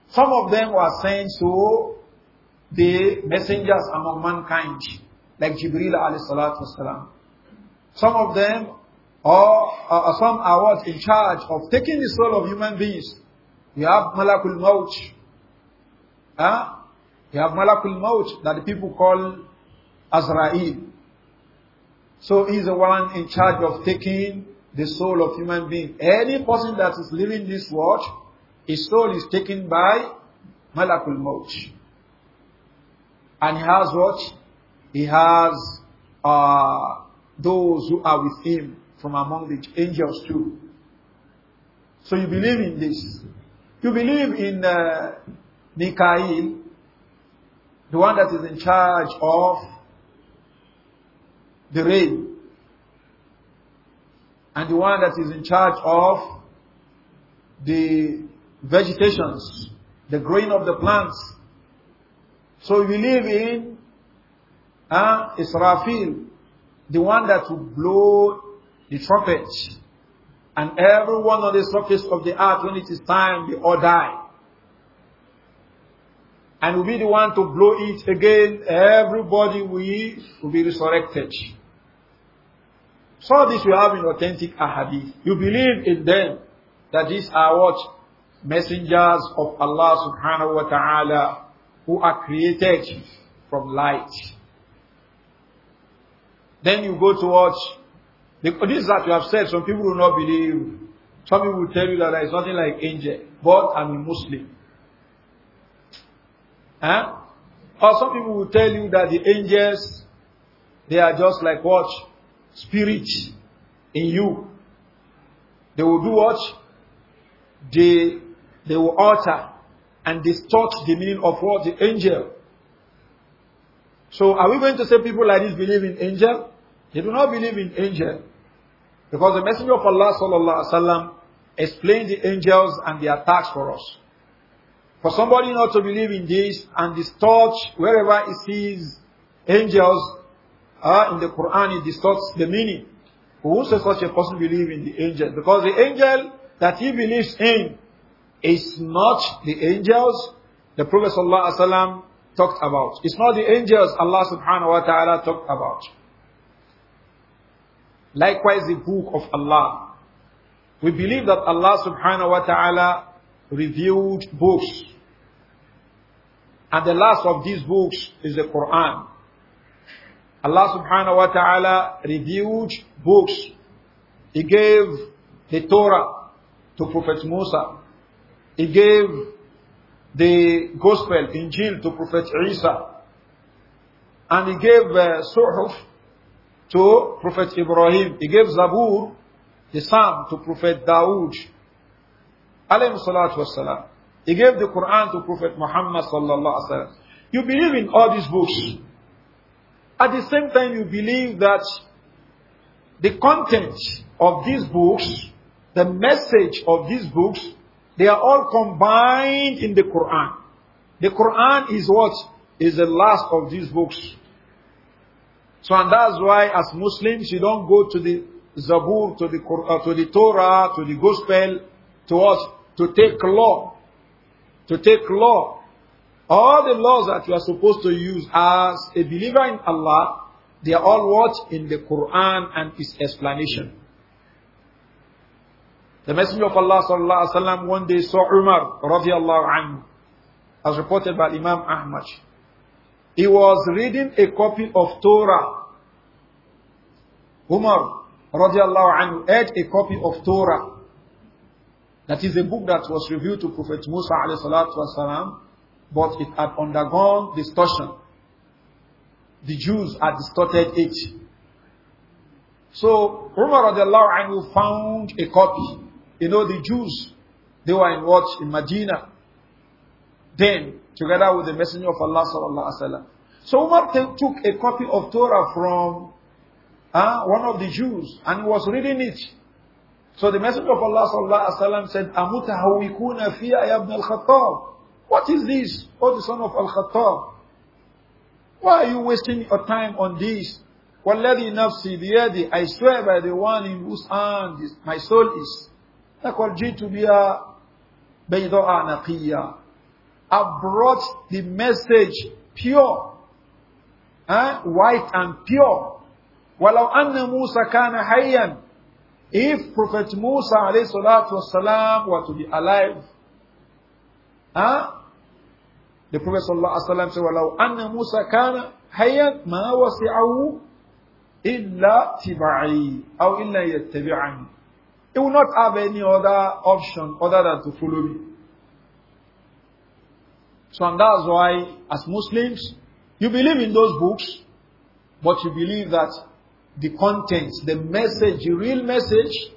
Some of them were sent to the messengers among mankind, like Jibril alayhi salatu wasalam. Some of them, or uh, some are what in charge of taking the soul of human beings. You have Malakul Maut. Huh? You have Malakul Maut that the people call Azrael. So he's the one in charge of taking the soul of human being. Any person that is living this world, his soul is taken by Malakul Maut. And he has what? He has uh, those who are with him from among the angels too. So you believe in this. You believe in uh, Mikael, the one that is in charge of the rain? and the one that is in charge of the vegetations, the growing of the plants. So we live in uh, Israfil, the one that will blow the trumpet. And everyone on the surface of the earth, when it is time, they all die. And will be the one to blow it again. Everybody will, will be resurrected. So this you have in authentic ahadith. You believe in them that these are what? Messengers of Allah subhanahu wa ta'ala who are created from light. Then you go to watch. The, this that you have said, some people will not believe. Some people will tell you that there is nothing like angel. But I'm a Muslim. Huh? Or some people will tell you that the angels, they are just like what? spirit in you. They will do what? They, they will alter and distort the meaning of what? The angel. So are we going to say people like this believe in angel? They do not believe in angel. Because the messenger of Allah sallallahu alaihi wasallam explained the angels and their attacks for us. For somebody not to believe in this and distort wherever he sees angels, Ah, in the Quran it distorts the meaning. Who says such a person believe in the angel? Because the angel that he believes in is not the angels the Prophet ﷺ talked about. It's not the angels Allah subhanahu wa ta'ala talked about. Likewise, the book of Allah. We believe that Allah subhanahu wa ta'ala revealed books. And the last of these books is the Quran. Allah subhanahu wa ta'ala reviewed books. He gave the Torah to Prophet Musa. He gave the Gospel, Injil to Prophet Isa. And he gave uh, Suhuf to Prophet Ibrahim. He gave Zabur, the Psalm, to Prophet Dawood. Alayhi salatu wassalam. He gave the Quran to Prophet Muhammad sallallahu alaihi wasallam. You believe in all these books. At the same time, you believe that the content of these books, the message of these books, they are all combined in the Quran. The Quran is what? Is the last of these books. So, and that's why as Muslims, you don't go to the Zabur, to the, Quran, uh, to the Torah, to the Gospel, to what? To take law. To take law. All the laws that you are supposed to use as a believer in Allah, they are all what? In the Quran and its explanation. The Messenger of Allah sallallahu alaihi wasallam one day saw Umar radiallahu anhu, as reported by Imam Ahmad. He was reading a copy of Torah. Umar radiallahu anhu had a copy of Torah. That is a book that was revealed to Prophet Musa alayhi salatu wasalam but it had undergone distortion. The Jews had distorted it. So Umar anhu found a copy. You know, the Jews, they were in what? In Medina. Then, together with the Messenger of Allah sallallahu alaihi wasallam. So Umar took a copy of Torah from uh, one of the Jews and was reading it. So the Messenger of Allah sallallahu alaihi wasallam said, "Amutahawikuna fiya ibn al-Khattab." What is this, O oh, the son of Al-Khattab? Why are you wasting your time on this? وَالَّذِي نَفْسِي بِيَدِي I swear by the one in whose hand is, my soul is. لَقَدْ جِئْتُ بِهَا بَيْضَاءَ نَقِيًّا I brought the message pure, eh? white and pure. وَلَوْ أَنَّ مُوسَى كَانَ حَيًّا If Prophet Musa alayhi salatu wasalam were to be alive, huh? Eh? The Prophet ﷺ said, وَلَوْ anna مُوسَى كَانَ حَيًّا مَا وَسِعَهُ إِلَّا تِبَعِي أَوْ إِلَّا يَتَّبِعَنِي He will not have any other option other than to follow me. So and that's why as Muslims, you believe in those books, but you believe that the content, the message, the real message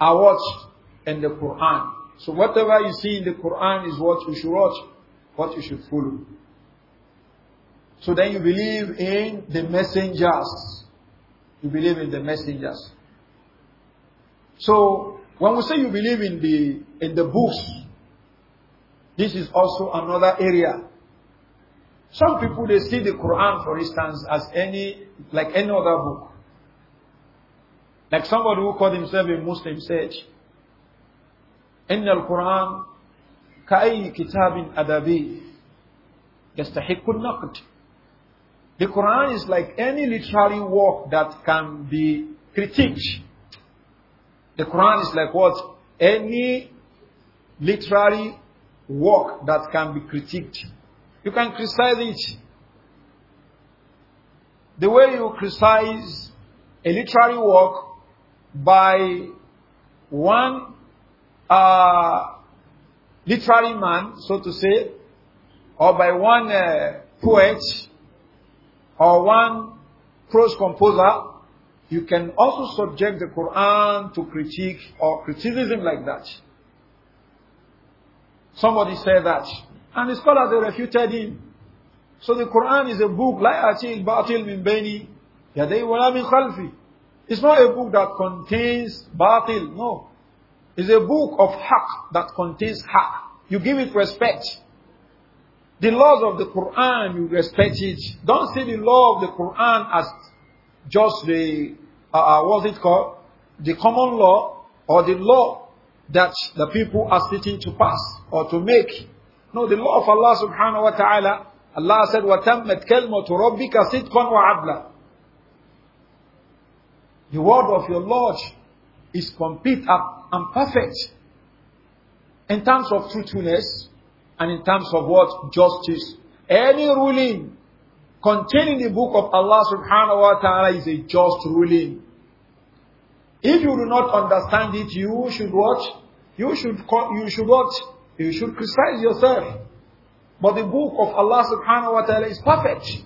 are what? In the Quran. So whatever you see in the Quran is what you should watch what you should follow. So then you believe in the messengers. You believe in the messengers. So when we say you believe in the in the books, this is also another area. Some people they see the Quran, for instance, as any like any other book. Like somebody who called himself a Muslim said, "In the Quran كأي كتاب أدبي يستحق النقد The Quran is like any literary work that can be critiqued. The Quran is like what? Any literary work that can be critiqued. You can criticize it. The way you criticize a literary work by one uh, literary man, so to say, or by one uh, poet or one prose composer, you can also subject the Quran to critique or criticism like that. Somebody said that. And the scholars they refuted him. So the Quran is a book, like يأتي الباطل من بيني يدي ولا من It's not a book that contains batil, no. It's a book of haq that contains haq. You give it respect. The laws of the Quran, you respect it. Don't see the law of the Quran as just the, uh, uh what's it called? The common law or the law that the people are sitting to pass or to make. No, the law of Allah subhanahu wa ta'ala, Allah said, وَتَمَّتْ كَلْمَةُ رَبِّكَ صِدْقًا وَعَدْلًا The word of your Lord is complete and perfect in terms of truthfulness and in terms of what? Justice. Any ruling contained in the book of Allah subhanahu wa ta'ala is a just ruling. If you do not understand it, you should watch. You should you should watch. You should criticize yourself. But the book of Allah subhanahu wa ta'ala is perfect.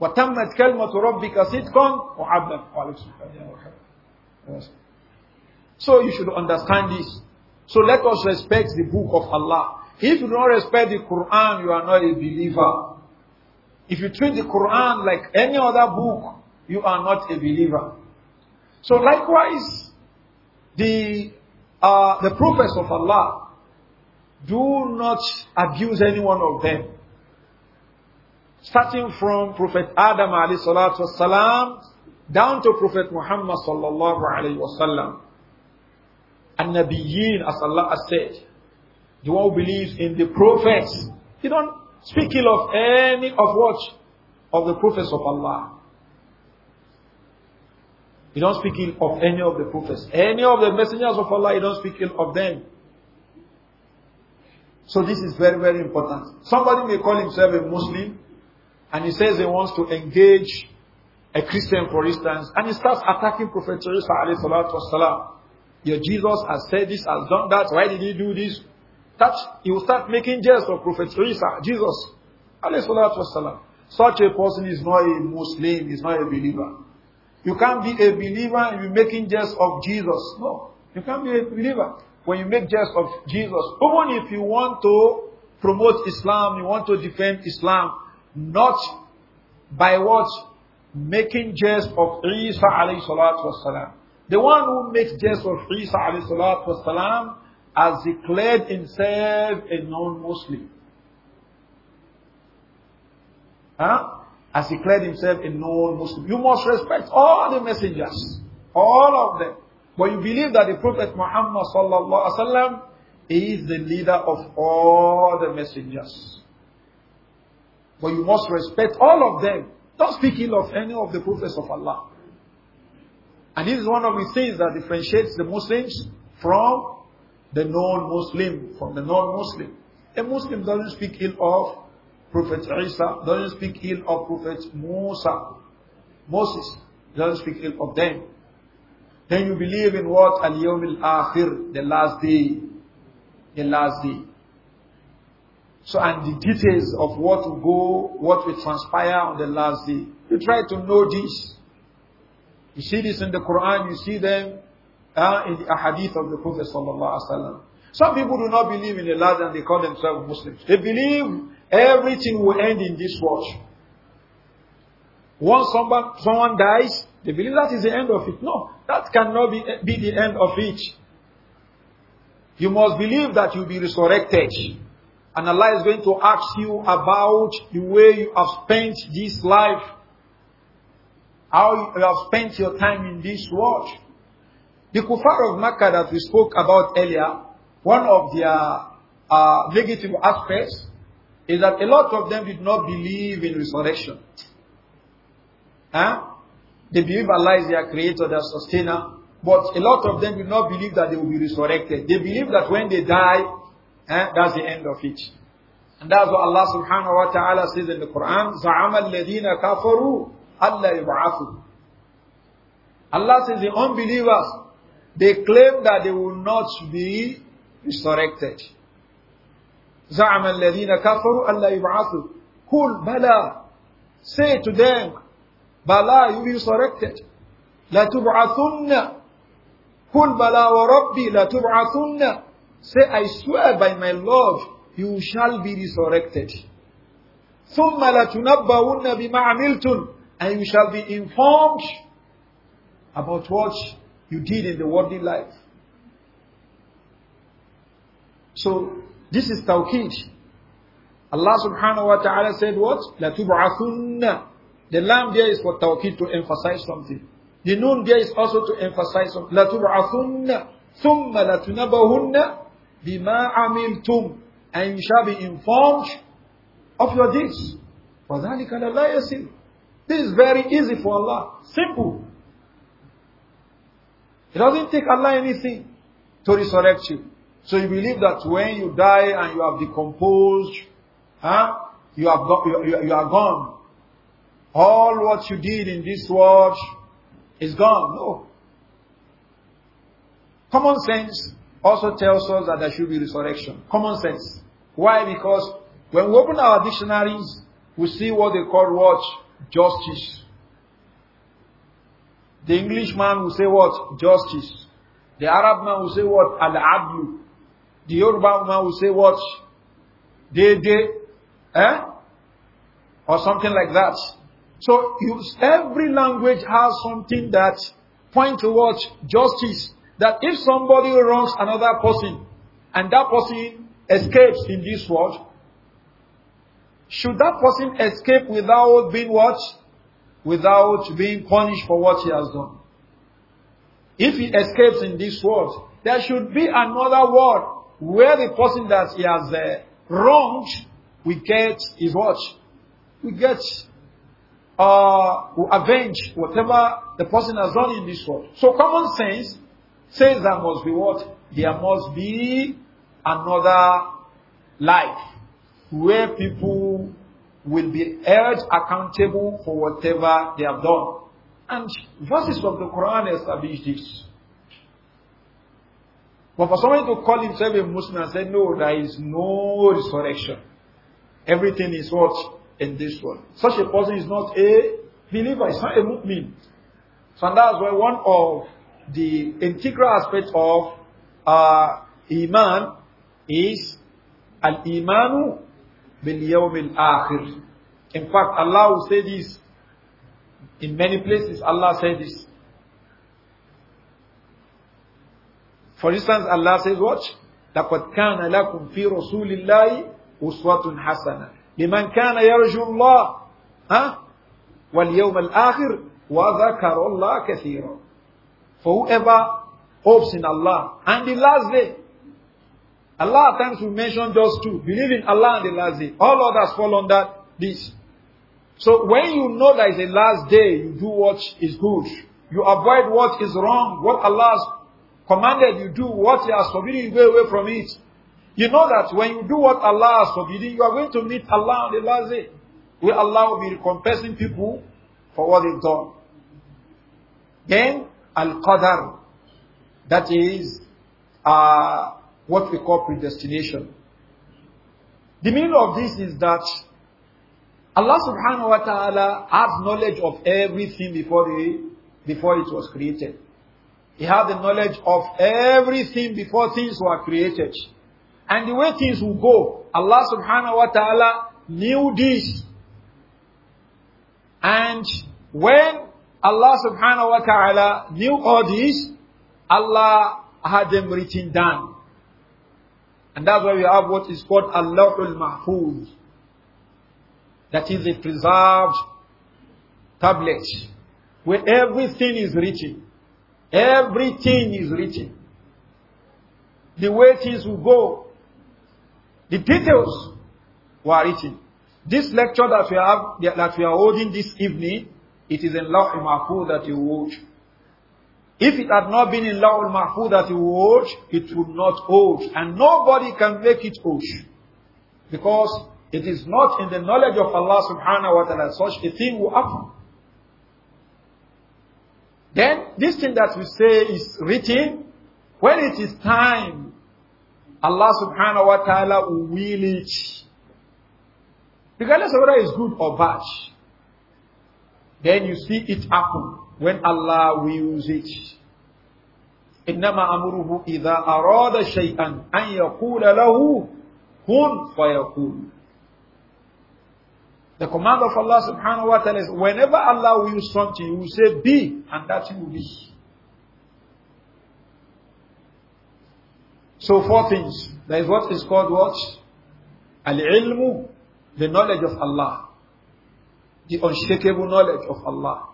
وَتَمَّتْ كَلْمَةُ رَبِّكَ صِدْقًا وَعَدْلًا so you should understand this. So let us respect the book of Allah. If you don't respect the Quran, you are not a believer. If you treat the Quran like any other book, you are not a believer. So likewise, the, uh, the prophets of Allah do not abuse any one of them. Starting from Prophet Adam alayhi salatu wasalam, down to Prophet Muhammad sallallahu alayhi wasallam. An-Nabiyyin, as Allah has said. The one who believes in the prophets. He don't speak ill of any of what? Of the prophets of Allah. He don't speak ill of any of the prophets. Any of the messengers of Allah, he don't speak ill of them. So this is very, very important. Somebody may call himself a Muslim and he says he wants to engage a Christian, for instance, and he starts attacking Prophet Jesus, your Jesus has said this, has done that. Why did he do this? That will start making jest of Prophet Isa, Jesus. Such a person is not a Muslim, is not a believer. You can't be a believer and be making jest of Jesus. No, you can't be a believer when you make jest of Jesus. Even if you want to promote Islam, you want to defend Islam, not by what? Making jest of Isa alayhi salatu wasalam. The one who makes jest of Isa والسلام, has declared himself a non-Muslim. Huh? Has declared himself a non-Muslim. You must respect all the messengers. All of them. But you believe that the Prophet Muhammad sallallahu alaihi wasallam is the leader of all the messengers. But you must respect all of them. Don't speak ill of any of the prophets of Allah. And this is one of the things that differentiates the Muslims from the non-Muslim, from the non-Muslim. A Muslim doesn't speak ill of Prophet Isa, doesn't speak ill of Prophet Musa, Moses, doesn't speak ill of them. Then you believe in what? Al-Yawm al-Akhir, the last day. The last day. So, and the details of what will go, what will transpire on the last day. You try to know this. You see this in the Quran, you see them uh, in the ahadith of the Prophet sallallahu Some people do not believe in Allah and they call themselves Muslims. They believe everything will end in this world. Once someone, someone dies, they believe that is the end of it. No, that cannot be, be the end of it. You must believe that you'll be resurrected. And Allah is going to ask you about the way you have spent this life how you have spent your time in this world. The kuffar of Makkah that we spoke about earlier, one of their uh, negative aspects is that a lot of them did not believe in resurrection. Huh? They believe Allah is their creator, their sustainer, but a lot of them did not believe that they will be resurrected. They believe that when they die, eh, that's the end of it. And that's what Allah subhanahu wa ta'ala says in the Quran, زَعَمَ الَّذِينَ كَفَرُوا Allah yub'athu. Allah says the unbelievers, they claim that they will not be resurrected. زعم الذين كفروا ألا يبعثوا قل بلى say to them بلى you will be resurrected لتبعثن قل بلى وربي لتبعثن say I swear by my Lord you shall be resurrected ثم لتنبؤن بما عملتم and you shall be informed about what you did in the worldly life. So, this is tawqid. Allah subhanahu wa ta'ala said what? لَتُبْعَثُنَّ The lamb there is for tawqid to emphasize something. The noon there is also to emphasize something. لَتُبْعَثُنَّ ثُمَّ لَتُنَبَهُنَّ بِمَا عَمِلْتُمْ And you shall be informed of your deeds. فَذَلِكَ لَا يَسِلُ this is very easy for Allah. Simple. It doesn't take Allah anything to resurrect you. So you believe that when you die and you have decomposed, huh, you, have got, you, you, you are gone. All what you did in this world is gone. No. Common sense also tells us that there should be resurrection. Common sense. Why? Because when we open our dictionaries, we see what they call "watch." Justice. The English man will say what? Justice. The Arab man will say what? al abu The Yoruba man will say what? de de, Eh? Or something like that. So you, every language has something that points towards justice. That if somebody wrongs another person and that person escapes in this world, Should that person escape without being what? Without being punished for what he has done. If he escapes in this world, there should be another world where the person that he has uh, wronged we get his what? We get uh, we avenge whatever the person has done in this world. So common sense says there must be what? There must be another life where people will be held accountable for whatever they have done. And verses of the Quran establish this. But for somebody to call himself a Muslim and say, no, there is no resurrection. Everything is what? In this world. Such a person is not a believer, it's not a mu'min. So that's why one of the integral aspects of uh, Iman is Al-Imanu بِالْيَوْمِ الْآخِرِ In fact, Allah will say this. In many places, Allah said this. For instance, Allah says watch لَقَدْ كَانَ لَكُمْ فِي رَسُولِ اللَّهِ أُسْوَةٌ حَسَنَةٌ لِمَنْ كَانَ يَرْجُو اللَّهِ ها؟ وَالْيَوْمَ الْآخِرِ وَذَكَرَ اللَّهَ كَثِيرًا For whoever hopes in Allah and the last day, Allah at times will mention just two. Believe in Allah and the last day. All others fall under this. So when you know there is a last day, you do what is good. You avoid what is wrong, what Allah has commanded you do, what He has forbidden you go away from it. You know that when you do what Allah has forbidden, you are going to meet Allah on the last day. Where Allah will be recompensing people for what they've done. Then, Al-Qadr. That is, uh, what we call predestination. The meaning of this is that Allah subhanahu wa ta'ala has knowledge of everything before, before it was created. He had the knowledge of everything before things were created. And the way things will go, Allah subhanahu wa ta'ala knew this. And when Allah subhanahu wa ta'ala knew all this, Allah had them written down. And that's why we have what is called Allahul Mahfuz. That is a preserved tablet where everything is written. Everything is written. The way things will go. The details were written. This lecture that we have, that we are holding this evening, it is in Lauh Mahfuz that you watch. If it had not been in Lawul Mahfud that he would it would not hold. And nobody can make it hold. Because it is not in the knowledge of Allah subhanahu wa ta'ala such a thing will happen. Then, this thing that we say is written, when it is time, Allah subhanahu wa ta'ala will will it. Regardless of whether it's good or bad, then you see it happen when Allah wills it. إنما أمره إذا أراد شيئا أن يقول له كن فيكون. The command of Allah subhanahu wa ta'ala is whenever Allah wills something, He will say be, and that thing will be. So four things. There is what is called what? Al-ilmu, the knowledge of Allah. The unshakable knowledge of Allah.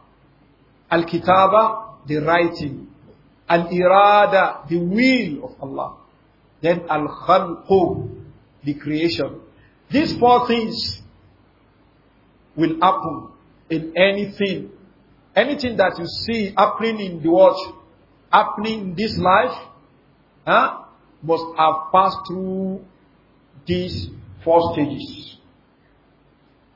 Al-Kitaba, the writing. Al-Irada, the will of Allah. Then Al-Khalqu, the creation. These four things will happen in anything. Anything that you see happening in the world, happening in this life, huh, must have passed through these four stages.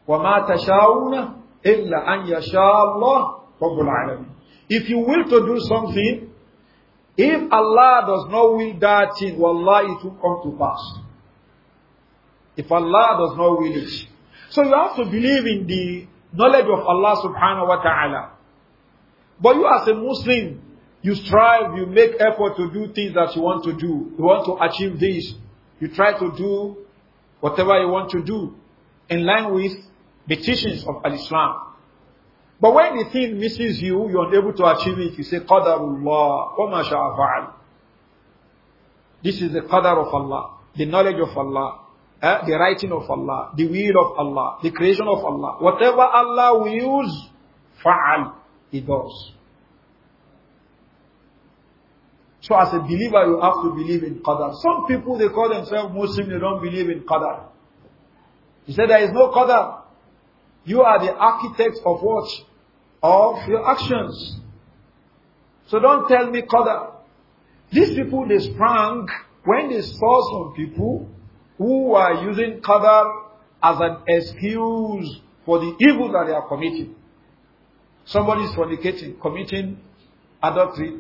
وَمَا تَشَاءُونَ إِلَّا أَنْ يَشَاءَ اللَّهُ Rabbul If you will to do something, if Allah does not will that thing, Allah it will come to pass. If Allah does not will it. So you have to believe in the knowledge of Allah subhanahu wa ta'ala. But you as a Muslim, you strive, you make effort to do things that you want to do. You want to achieve this. You try to do whatever you want to do in line with the teachings of Al-Islam. But when the thing misses you, you're unable to achieve it, you say, Qadarullah, wa masha'afa'al. This is the Qadar of Allah, the knowledge of Allah, eh? the writing of Allah, the will of Allah, the creation of Allah. Whatever Allah wills, fa'al, He does. So as a believer, you have to believe in Qadar. Some people, they call themselves Muslim, they don't believe in Qadar. He said, there is no Qadar. You are the architect of what? of your actions. So don't tell me qadar. These people, they sprang when they saw some people who were using qadar as an excuse for the evil that they are committing. Somebody is fornicating, committing adultery,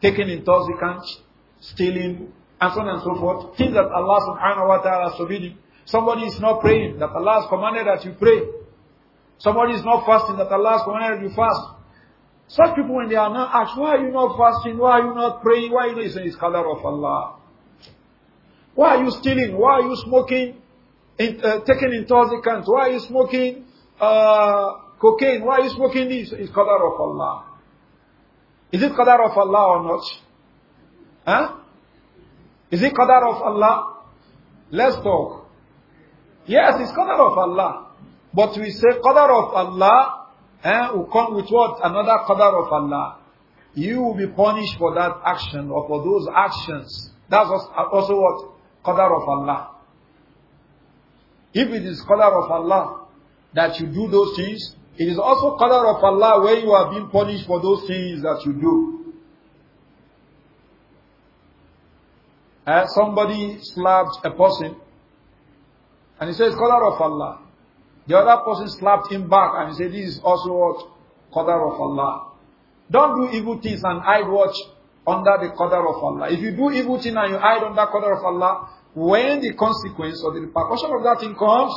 taking intoxicants, stealing, and so on and so forth. Things that Allah subhanahu wa ta'ala is forbidding. Somebody is not praying, that Allah has commanded that you pray. Somebody is not fasting that Allah when you fast. Such people, when they are not asked, why are you not fasting? Why are you not praying? Why are you not saying it's qadar of Allah? Why are you stealing? Why are you smoking? In, uh, taking intoxicants? Why are you smoking uh, cocaine? Why are you smoking this? It's qadar of Allah. Is it qadar of Allah or not? Huh? Is it qadar of Allah? Let's talk. Yes, it's qadar of Allah. But we say qadar of Allah, eh, will come with what? Another qadar of Allah. You will be punished for that action or for those actions. That's also what? Qadar of Allah. If it is qadar of Allah that you do those things, it is also qadar of Allah where you are being punished for those things that you do. Uh, somebody slapped a person and he says, Color of Allah. The other person slapped him back and he said, This is also what? Qadar of Allah. Don't do evil things and hide watch Under the Qadar of Allah. If you do evil thing and you hide under Qadar of Allah, when the consequence or the repercussion of that thing comes,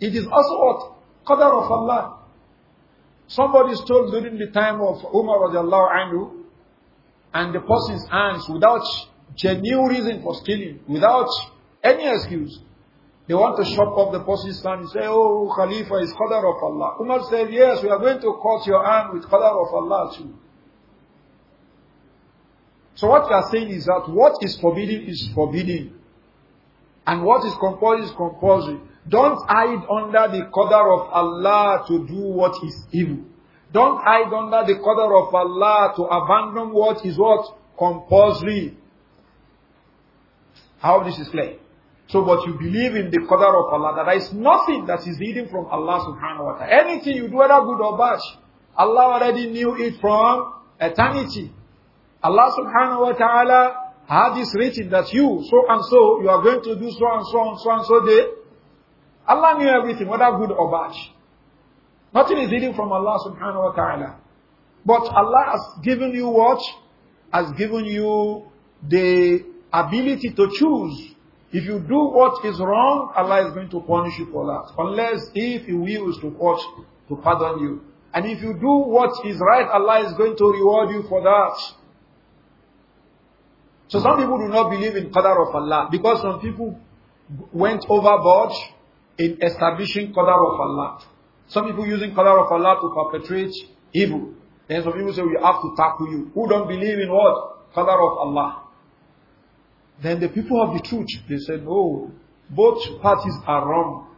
it is also what? Qadar of Allah. Somebody stole during the time of Umar radiallahu anhu, and the person's hands without genuine reason for stealing, without any excuse. They want to chop off the person's hand and say, Oh, Khalifa is Qadar of Allah. Umar said, Yes, we are going to cut your hand with Qadar of Allah too. So what we are saying is that what is forbidden is forbidden. And what is compulsory is compulsory. Don't hide under the Qadar of Allah to do what is evil. Don't hide under the Qadar of Allah to abandon what is what? Compulsory. How this is clear. So, but you believe in the qadar of Allah, that there is nothing that is hidden from Allah subhanahu wa ta'ala. Anything you do, whether good or bad, Allah already knew it from eternity. Allah subhanahu wa ta'ala had this written that you, so and so, you are going to do so and so and so and so day. Allah knew everything, whether good or bad. Nothing is hidden from Allah subhanahu wa ta'ala. But Allah has given you what? Has given you the ability to choose if you do what is wrong, Allah is going to punish you for that. Unless if He wills to to pardon you. And if you do what is right, Allah is going to reward you for that. So some people do not believe in Qadar of Allah because some people went overboard in establishing Qadar of Allah. Some people using Qadar of Allah to perpetrate evil. Then some people say we have to tackle you. Who don't believe in what? Qadar of Allah. Then the people of the truth, they said, no, both parties are wrong.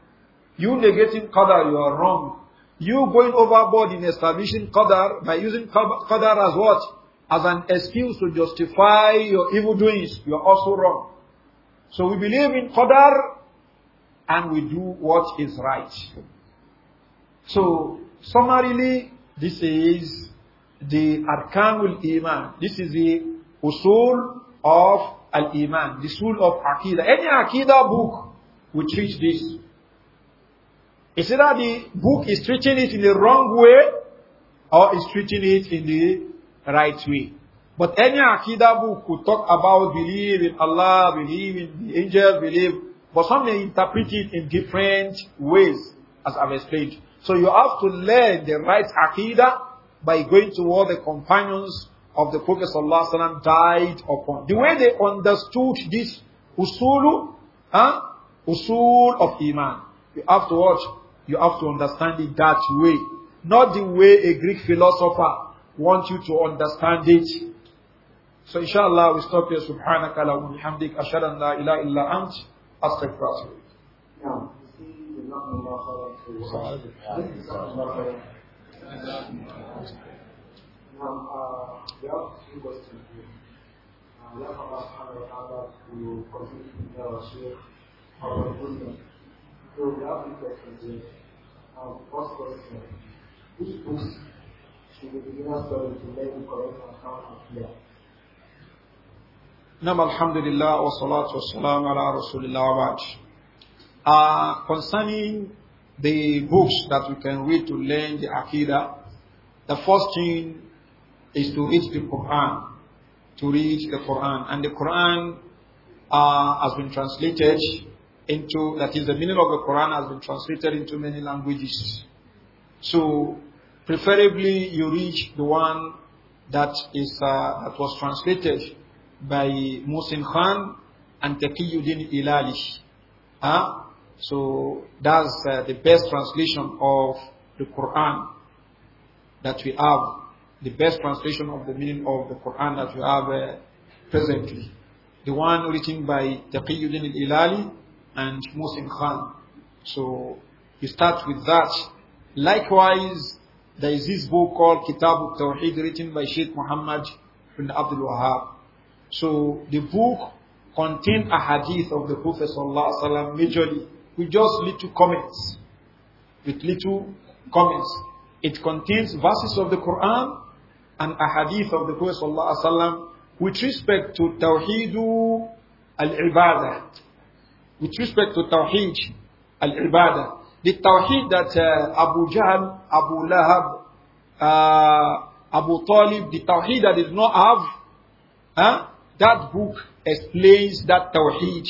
You negating qadar, you are wrong. You going overboard in establishing qadar by using qadar as what? As an excuse to justify your evil doings. You are also wrong. So we believe in qadar and we do what is right. So, summarily, this is the arkanul iman. This is the usul of al-Iman, the soul of Aqidah. Any Aqidah book will teach this. Is either the book is treating it in the wrong way or is treating it in the right way. But any Aqidah book will talk about believe in Allah, believe in the angels, believe, but some may interpret it in different ways, as I've explained. So you have to learn the right Aqidah by going to all the companions of the Prophet ﷺ died upon. The way they understood this usulu, huh? usul of Iman, you have to watch, you have to understand it that way. Not the way a Greek philosopher wants you to understand it. So inshallah we stop here. Subhanaka la hamdik ashadan la ilaha illa ant. Astaghfirullah. Now, you see there are two questions here. Uh, let Allah subhanahu wa ta'ala to continue with our Shaykh our wisdom. So there are two questions here. Um, first question, which books should the beginner study to learn the correct account of fear? Nam alhamdulillah wa salatu wa salam ala rasulillah wa uh, Concerning the books that we can read to learn the akida, the first thing is to read the Quran. To read the Quran. And the Quran uh, has been translated into, that is, the meaning of the Quran has been translated into many languages. So, preferably you read the one that is uh, that was translated by Musin Khan and Taqiyuddin Ilali. Huh? So that's uh, the best translation of the Quran that we have the best translation of the meaning of the Quran that you have uh, presently. The one written by Taqiyuddin al-Ilali and Musin Khan. So you start with that. Likewise, there is this book called Kitab al-Tawheed written by Sheikh Muhammad bin Abdul Wahab. So the book contained a hadith of the Prophet ﷺ majorly with just little comments. With little comments. It contains verses of the Quran a ahadith of the Prophet ﷺ with respect to Tawheedu al-Ibadah. With respect to Tawheed al-Ibadah. The Tawheed that uh, Abu Jahl, Abu Lahab, uh, Abu Talib, the Tawheed that did not have, huh? that book explains that Tawheed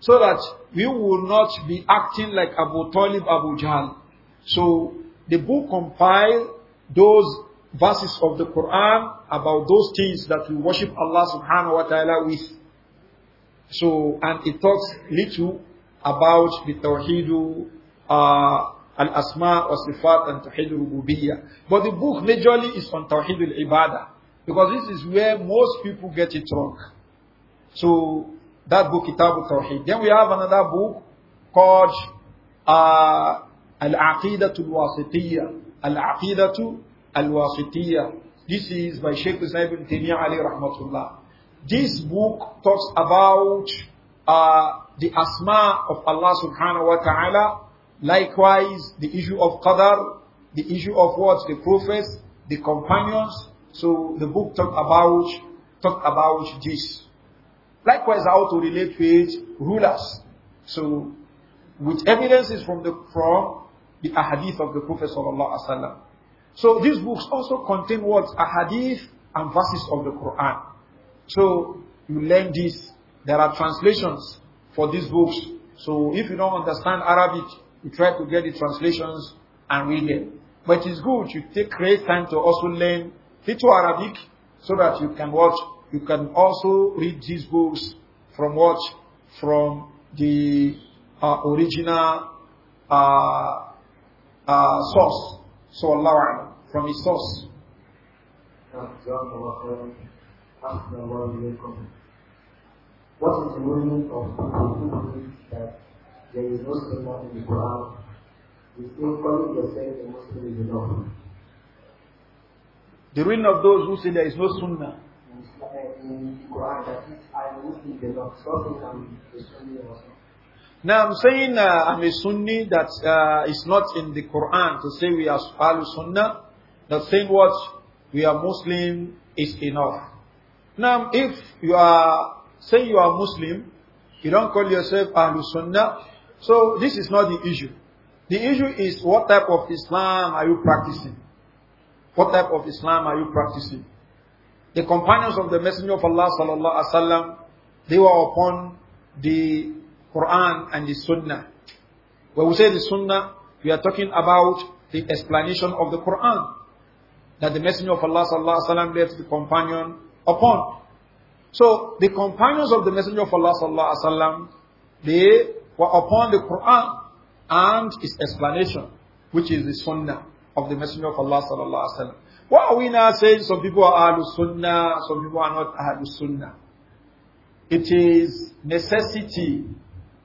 so that we will not be acting like Abu Talib, Abu Jahl. So the book compiled those verses of the Quran about those things that we worship Allah subhanahu wa ta'ala with. So, and it talks little about the Tawheed, uh, Al-Asma wa Sifat and Tawheed Rububiyyah. But the book majorly is on Tawheed al-Ibadah. Because this is where most people get it wrong. So, that book, Kitab al-Tawheed. Then we have another book called uh, Al-Aqidatul Wasitiyah. Al-Aqidatul Al-Wasitiyah. This is by Sheikh Zayd ibn Taymiyyah Ali Rahmatullah. This book talks about uh, the asma of Allah subhanahu wa ta'ala, likewise the issue of qadar, the issue of what? The prophets, the companions. So the book talk about, talk about this. Likewise, how to relate with rulers. So, with evidences from the, from the ahadith of the Prophet sallallahu alaihi wasallam. So these books also contain words, ahadith and verses of the Quran. So you learn this. There are translations for these books. So if you don't understand Arabic, you try to get the translations and read them. But it's good you take great time to also learn Hebrew Arabic so that you can watch, you can also read these books from what? From the uh, original uh, uh, source. So Allah from his source. What is the meaning of people who believe that there is no sunnah in the Quran? You still calling yourself a Muslim is enough. The ruin of those who say there is no sunnah. In the Quran, that is, I'm Now I'm saying uh, I'm a Sunni that uh, is not in the Quran to say we are Ahlul Sunnah not saying what we are Muslim is enough. Now, if you are saying you are Muslim, you don't call yourself al Sunnah, so this is not the issue. The issue is what type of Islam are you practicing? What type of Islam are you practicing? The companions of the Messenger of Allah sallallahu alaihi wasallam, they were upon the Quran and the Sunnah. When we say the Sunnah, we are talking about the explanation of the Quran that the Messenger of Allah sallallahu alaihi left the companion upon. So the companions of the Messenger of Allah sallallahu alaihi wasallam they were upon the Quran and its explanation, which is the Sunnah of the Messenger of Allah sallallahu alaihi wasallam. What are we now saying some people are the Sunnah, some people are not the Sunnah? It is necessity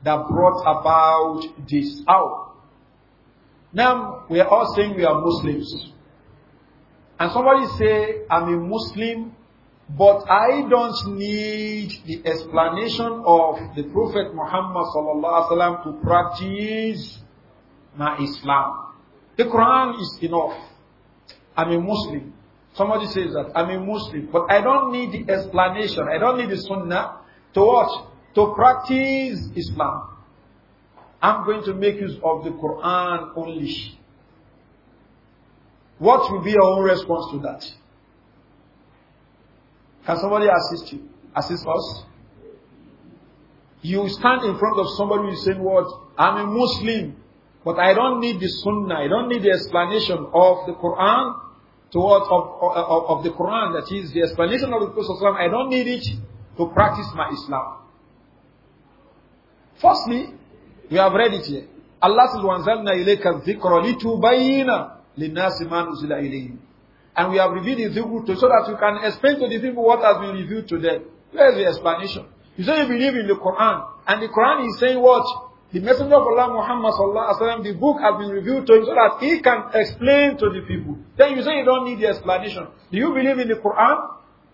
that brought about this out. Now, we are all saying we are Muslims. And somebody say, I'm a Muslim, but I don't need the explanation of the Prophet Muhammad sallallahu alaihi wasallam to practice my Islam. The Quran is enough. I'm a Muslim. Somebody says that I'm a Muslim, but I don't need the explanation. I don't need the Sunnah to what? To practice Islam. I'm going to make use of the Quran only. What will be your own response to that? Can somebody assist you? Assist us? You stand in front of somebody who is saying, What? I'm a Muslim, but I don't need the Sunnah, I don't need the explanation of the Quran to what of, of, of the Quran, that is the explanation of the Prophet. I don't need it to practice my Islam. Firstly, we have read it here. Allah says, وَأَنزَلْنَا إِلَيْكَ الذِّكْرَ لِتُبَيِّنَ and we have revealed the zikr to so that you can explain to the people what has been revealed to them. Where is the explanation? You say you believe in the Quran, and the Quran is saying what? The Messenger of Allah Muhammad sallallahu alaihi wasallam, the book has been revealed to him so that he can explain to the people. Then you say you don't need the explanation. Do you believe in the Quran?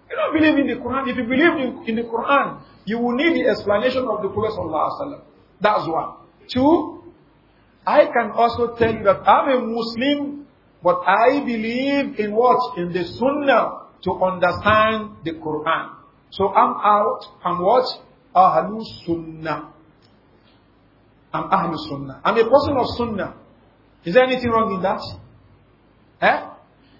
You don't believe in the Quran. If you believe in, the Quran, you will need the explanation of the Prophet sallallahu alaihi wasallam. That's one. Two, I can also tell you that I'm a Muslim but I believe in what? In the Sunnah to understand the Quran. So I'm out, I'm what? Ahlu Sunnah. I'm Ahlu Sunnah. I'm a person of Sunnah. Is there anything wrong in that? Eh?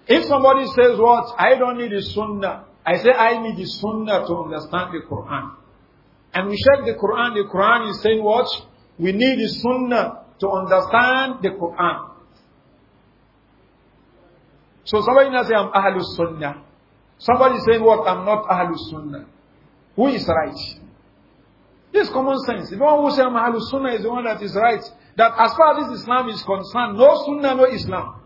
If somebody says what? I don't need the Sunnah. I say I need the Sunnah to understand the Quran. And we check the Quran. The Quran is saying what? We need the Sunnah to understand the Quran. So somebody now say I'm Ahlus Sunnah. Somebody saying what? I'm not Ahlus Sunnah. Who is right? This common sense. The one who says I'm Ahlus Sunnah is the one that is right. That as far as this Islam is concerned, no Sunnah, no Islam.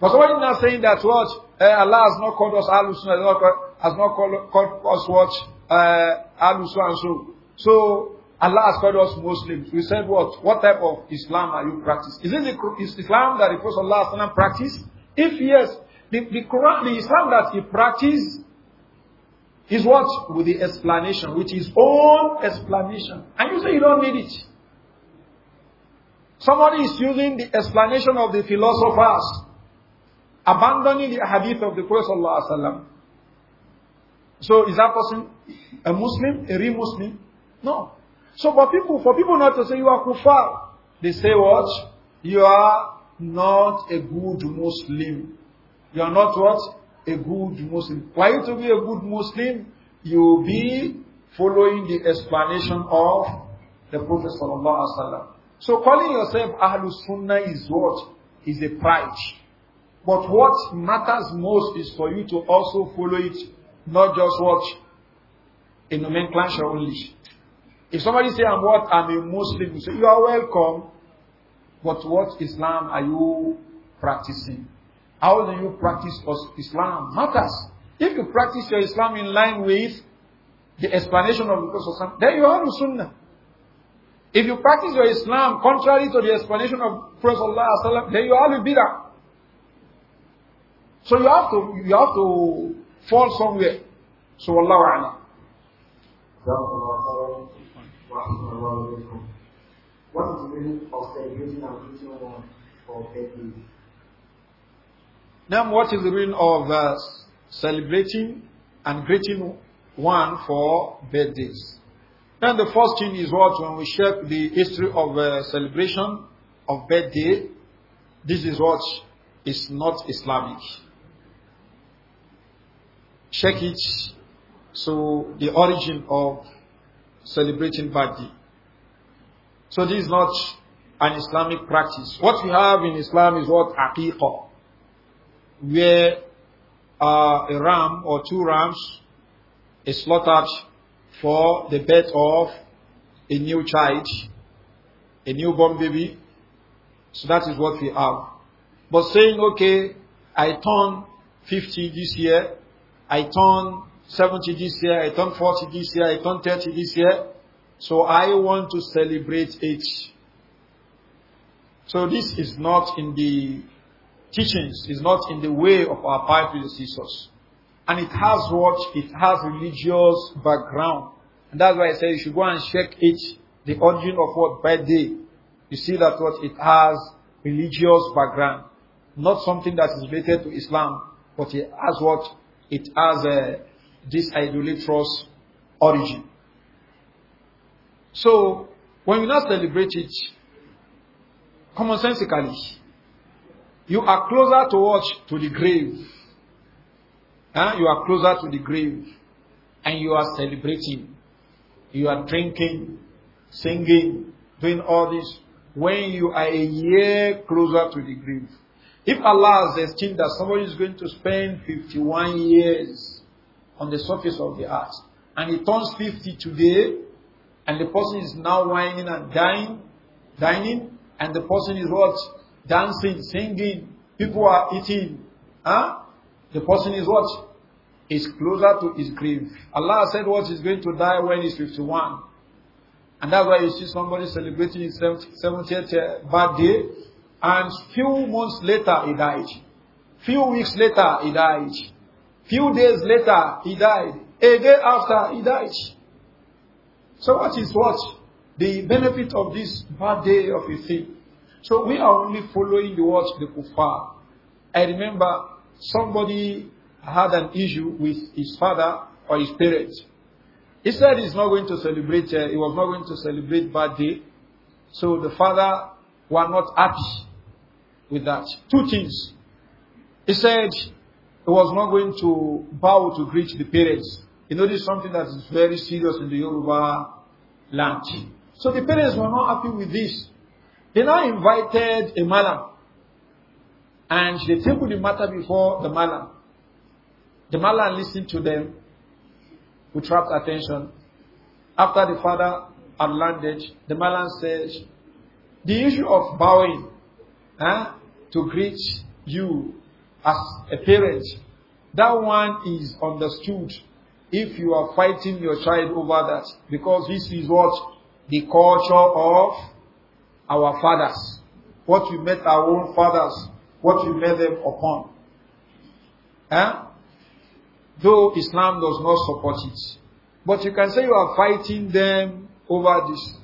But somebody now saying that what? Uh, Allah has not called us Ahlus Sunnah, has not called, called us what? Uh, Ahlus Sunnah so. So, Allah has called us Muslims. We said what? What type of Islam are you practicing? Is it the Islam that the Prophet Allah practiced? If yes, the, the Quran, the Islam that he practiced is what? With the explanation, with his own explanation. And you say you don't need it. Somebody is using the explanation of the philosophers, abandoning the hadith of the Prophet. So is that person a Muslim, a real Muslim? No. So for people, for people not to say you are kuffar, they say what? You are not a good Muslim. You are not what? A good Muslim. Why you to be a good Muslim? You will be following the explanation of the Prophet Sallallahu So calling yourself Ahlul Sunnah is what? Is a pride. But what matters most is for you to also follow it, not just watch a nomenclature only. If somebody say I'm what? I'm a Muslim, you say you are welcome. But what Islam are you practicing? How do you practice Islam? Matters. If you practice your Islam in line with the explanation of the Prophet, then you are the Sunnah. If you practice your Islam contrary to the explanation of Prophet, then you are a Bidah. So you have to you have to fall somewhere. So Allah Alam. What is the meaning of celebrating and greeting one for birthday? Now, what is the meaning of uh, celebrating and greeting one for birthdays? Then the first thing is what when we check the history of uh, celebration of birthday, this is what is not Islamic. Check it. So the origin of celebrating birthday. So this is not an Islamic practice. What we have in Islam is what aqiqah, where uh, a ram or two rams is slaughtered for the birth of a new child, a newborn baby. So that is what we have. But saying, okay, I turn 50 this year, I turn 70 this year, I turn 40 this year, I turn 30 this year, so I want to celebrate it. So this is not in the teachings, is not in the way of our pious predecessors. And it has what? It has religious background. And that's why I say you should go and check it, the origin of what birthday. You see that what it has religious background. Not something that is related to Islam, but it has what? It has a, uh, this idolatrous origin. So, when you now celebrate it, commonsensically, you are closer to watch To the grave. Huh? You are closer to the grave. And you are celebrating. You are drinking, singing, doing all this. When you are a year closer to the grave. If Allah has esteemed that somebody is going to spend 51 years on the surface of the earth, and he turns 50 today, and the person is now whining and dying, dining, and the person is what? Dancing, singing, people are eating. Huh? The person is what? Is closer to his grave. Allah said what is going to die when he's 51. And that's why you see somebody celebrating his 70th uh, birthday, and few months later he died. Few weeks later he died. Few days later he died. A day after he died. So what is what? The benefit of this bad day of a thing. So we are only following the words of the kuffar. I remember somebody had an issue with his father or his parents. He said he's not going to celebrate, uh, he was not going to celebrate bad day. So the father were not happy with that. Two things. He said he was not going to bow to greet the parents. You know, this is something that is very serious in the Yoruba land. So the parents were not happy with this. They now invited a malam. And they tabled the matter before the malam. The malam listened to them with rapt attention. After the father had landed, the malam says, The issue of bowing eh, to greet you as a parent, that one is understood if you are fighting your child over that because this is what the culture of our fathers what we met our own fathers what we met them upon eh? though islam does not support it but you can say you are fighting them over this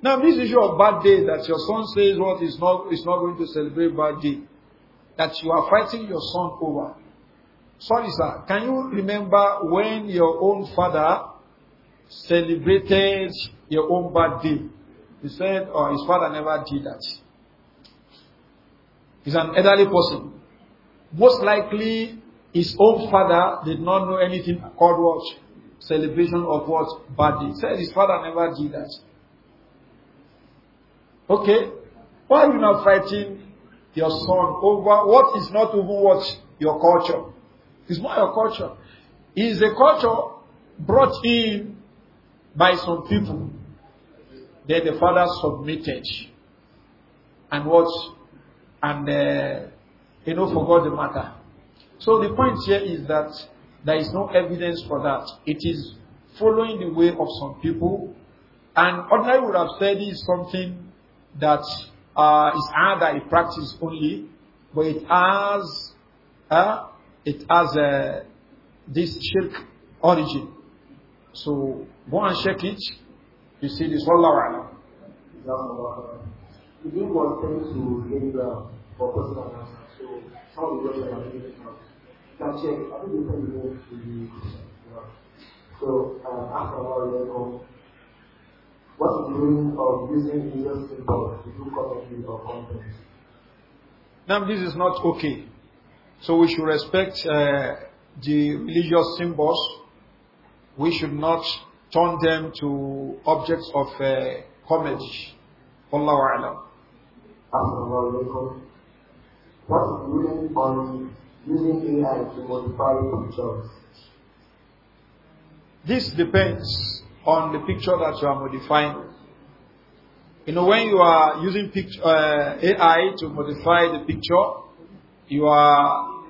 now this issue of bad day that your son says what is not is not going to celebrate bad day that you are fighting your son over Sorry, sir, can you remember when your own father celebrated your own birthday? He said, or oh, his father never did that. He's an elderly person. Most likely, his own father did not know anything called what? Celebration of what? Birthday. He said his father never did that. Okay? Why are you not fighting your son over what is not even what? Your culture. It's not your culture. It's a culture brought in by some people. that the father submitted. And what? And, uh, you know, forgot the matter. So the point here is that there is no evidence for that. It is following the way of some people. And ordinary would have said is something that uh, is either a practice only, but it has uh, it has a uh, this shirk origin. So go and check it. You see this wallahu alam. If you want them to gain ground for personal answer, so how um, do you are doing it now? Can check, I think you can go to the So after all, they What's the meaning of using Jesus symbols to do copy or content? Now this is not okay. So we should respect uh, the religious symbols. We should not turn them to objects of uh, homage. Wallahu a'lam. What is ruling on using AI to modify pictures? This depends on the picture that you are modifying. You know, when you are using picture, uh, AI to modify the picture, you are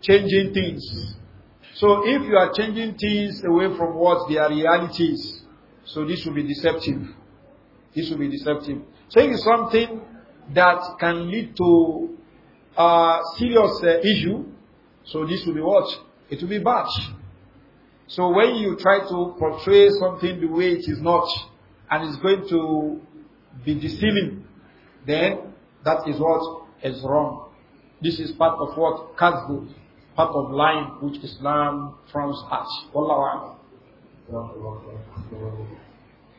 changing things. So if you are changing things away from what their reality is, so this will be deceptive. This will be deceptive. Saying something that can lead to a serious uh, issue, so this will be what? It will be bad. So when you try to portray something the way it is not, and it's going to be deceiving, then that is what as wrong. This is part of what kazbu, part of lying which Islam frowns at. Wallahu a'lam.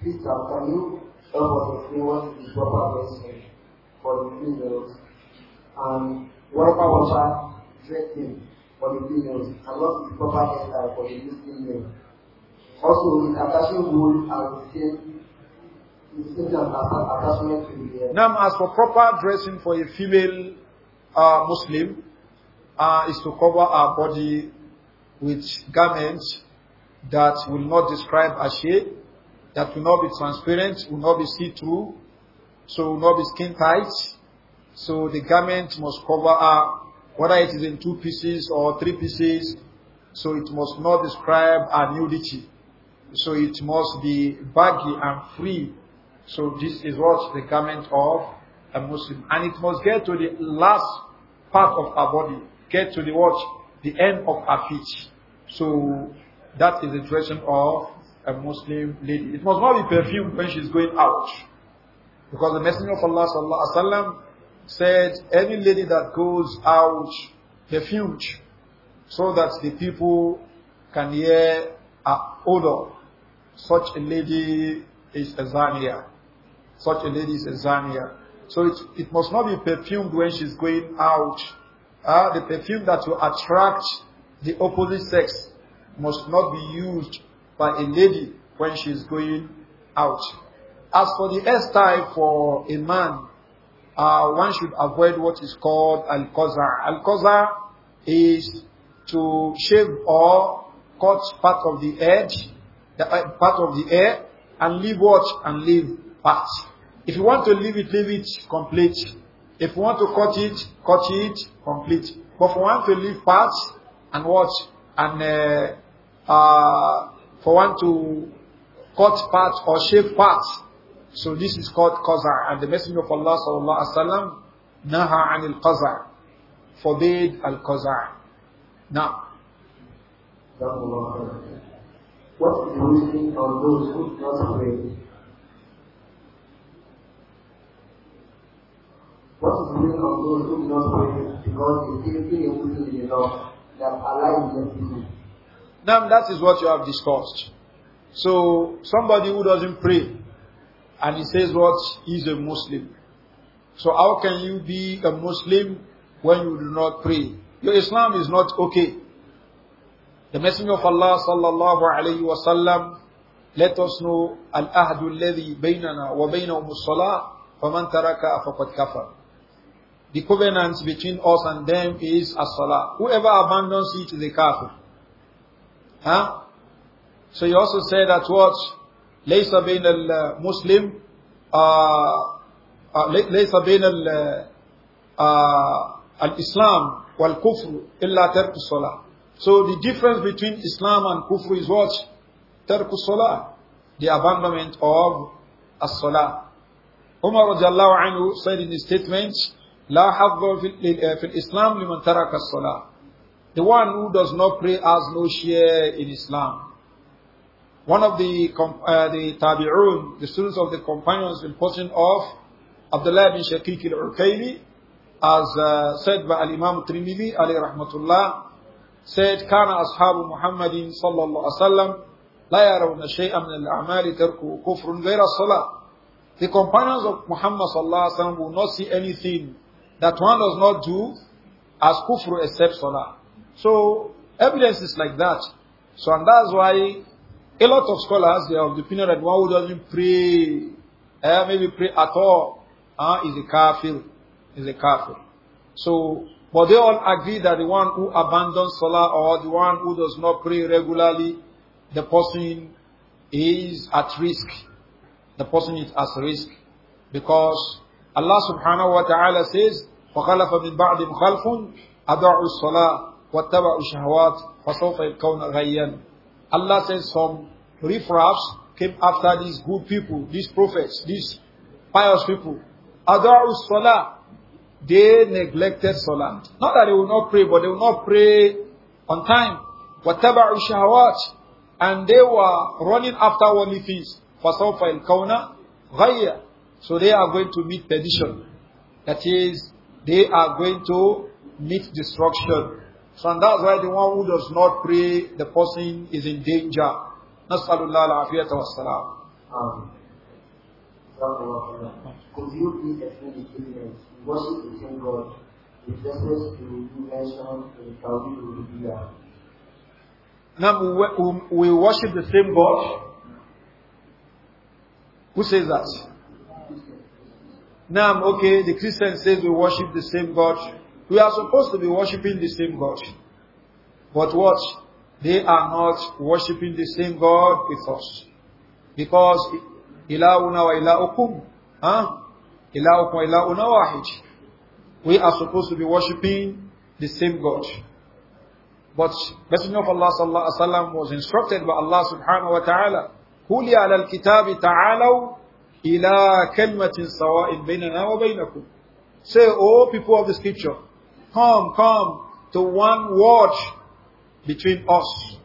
Peter, can you help us explain what is the proper for the females and proper water drinking for the females and what is the proper hairstyle for the Muslim male? Also, is attaching wool and skin now, as for proper dressing for a female uh, Muslim, uh, is to cover our body with garments that will not describe a shape, that will not be transparent, will not be see-through, so will not be skin tight. So the garment must cover her, whether it is in two pieces or three pieces, so it must not describe a nudity. So it must be baggy and free so this is what the garment of a Muslim. And it must get to the last part of our body, get to the what? The end of our feet. So that is the dressing of a Muslim lady. It must not be perfumed when she's going out. Because the Messenger of Allah sallallahu alaihi wasallam said, any lady that goes out perfumed, so that the people can hear her odor, such a lady is a Zania. Such a lady is a Zania. So it, it must not be perfumed when she's going out. Uh, the perfume that will attract the opposite sex must not be used by a lady when she's going out. As for the hairstyle for a man, uh, one should avoid what is called al-qaza. Al-qaza is to shave or cut part of the edge, the, uh, part of the hair, and leave what? And leave part. If you want to leave it, leave it complete. If you want to cut it, cut it complete. But if you want to leave parts and what? And uh, uh, for one to cut parts or shave parts. So this is called qaza. And the Messenger of Allah sallallahu alaihi wasallam naha anil qaza, forbade al qaza. Now. What is the reason of those who cut not pray What is the meaning of those who do not pray because they still a Muslim in the law that Allah is just Now that is what you have discussed. So somebody who doesn't pray and he says what is a Muslim. So how can you be a Muslim when you do not pray? Your Islam is not okay. The Messenger of Allah sallallahu alayhi wa sallam let us know al-ahdu alladhi baynana wa baynahum as-salah faman taraka faqad kafar the covenant between us and them is as-salah. Whoever abandons it is a kafir. Huh? So you also say that what? ليس بين المسلم ليس بين الإسلام والكفر إلا ترك الصلاة. So the difference between Islam and kufr is what? ترك الصلاة. The abandonment of as-salah. Umar الله عنه said in his statement, لا حظ في الإسلام لمن ترك الصلاة The one who does not pray has no share in Islam. One of the, uh, the Tabi'un, the students of the companions in portion of Abdullah bin Shaqiq al-Urkayli, as uh, said by Al-Imam Trimidi, alayhi rahmatullah, said, كان أصحاب محمد صلى الله عليه وسلم لا يرون شيئا من الأعمال تركه كفر غير الصلاة. The companions of Muhammad sallallahu alaihi wasallam will not see anything that one does not do as kufru except salah. So evidence is like that. So and that's why a lot of scholars they are of the opinion that one who doesn't pray, eh, maybe pray at all, uh, is a kafir, is a kafir. So, but they all agree that the one who abandons salah or the one who does not pray regularly, the person is at risk. The person is at risk because Allah subhanahu wa ta'ala says, وَخَلَفَ مِنْ بَعْدِ خَلْفٌ أَدَعُوا الصَّلَاةِ وَاتَّبَعُوا الشَّهَوَاتِ فَسَوْفَ الْكَوْنَ غَيْنَ". Allah says some riffraffs came after these good people, these prophets, these pious people. أَدَعُوا الصَّلَاةِ They neglected salah. Not that they will not pray, but they will not pray on time. وَاتَّبَعُوا الشَّهَوَاتِ And they were running after worldly things. فَسَوْفَ الكون غيّن. So they are going to meet perdition. That is, they are going to meet destruction. So and that's why the one who does not pray, the person is in danger. Nasalullah al-afiyat wa salam. Um, could you please explain the difference? Worship the same God with reference to mention mentioned in Tawhid al-Rubiyah. Now we worship the same God. Who says that? Now, okay, the Christian says we worship the same God. We are supposed to be worshiping the same God. But what? They are not worshiping the same God with us. Because ilahuna wa ilahukum. Huh? Ilahukum wa ilahuna wahid. We are supposed to be worshiping the same God. But Messenger of Allah sallallahu alaihi wasallam was instructed by Allah subhanahu wa ta'ala, "Kuli al-kitabi ta'alu إلى كلمة سواء بيننا وبينكم Say, O oh, people of the scripture, come, come to one watch between us.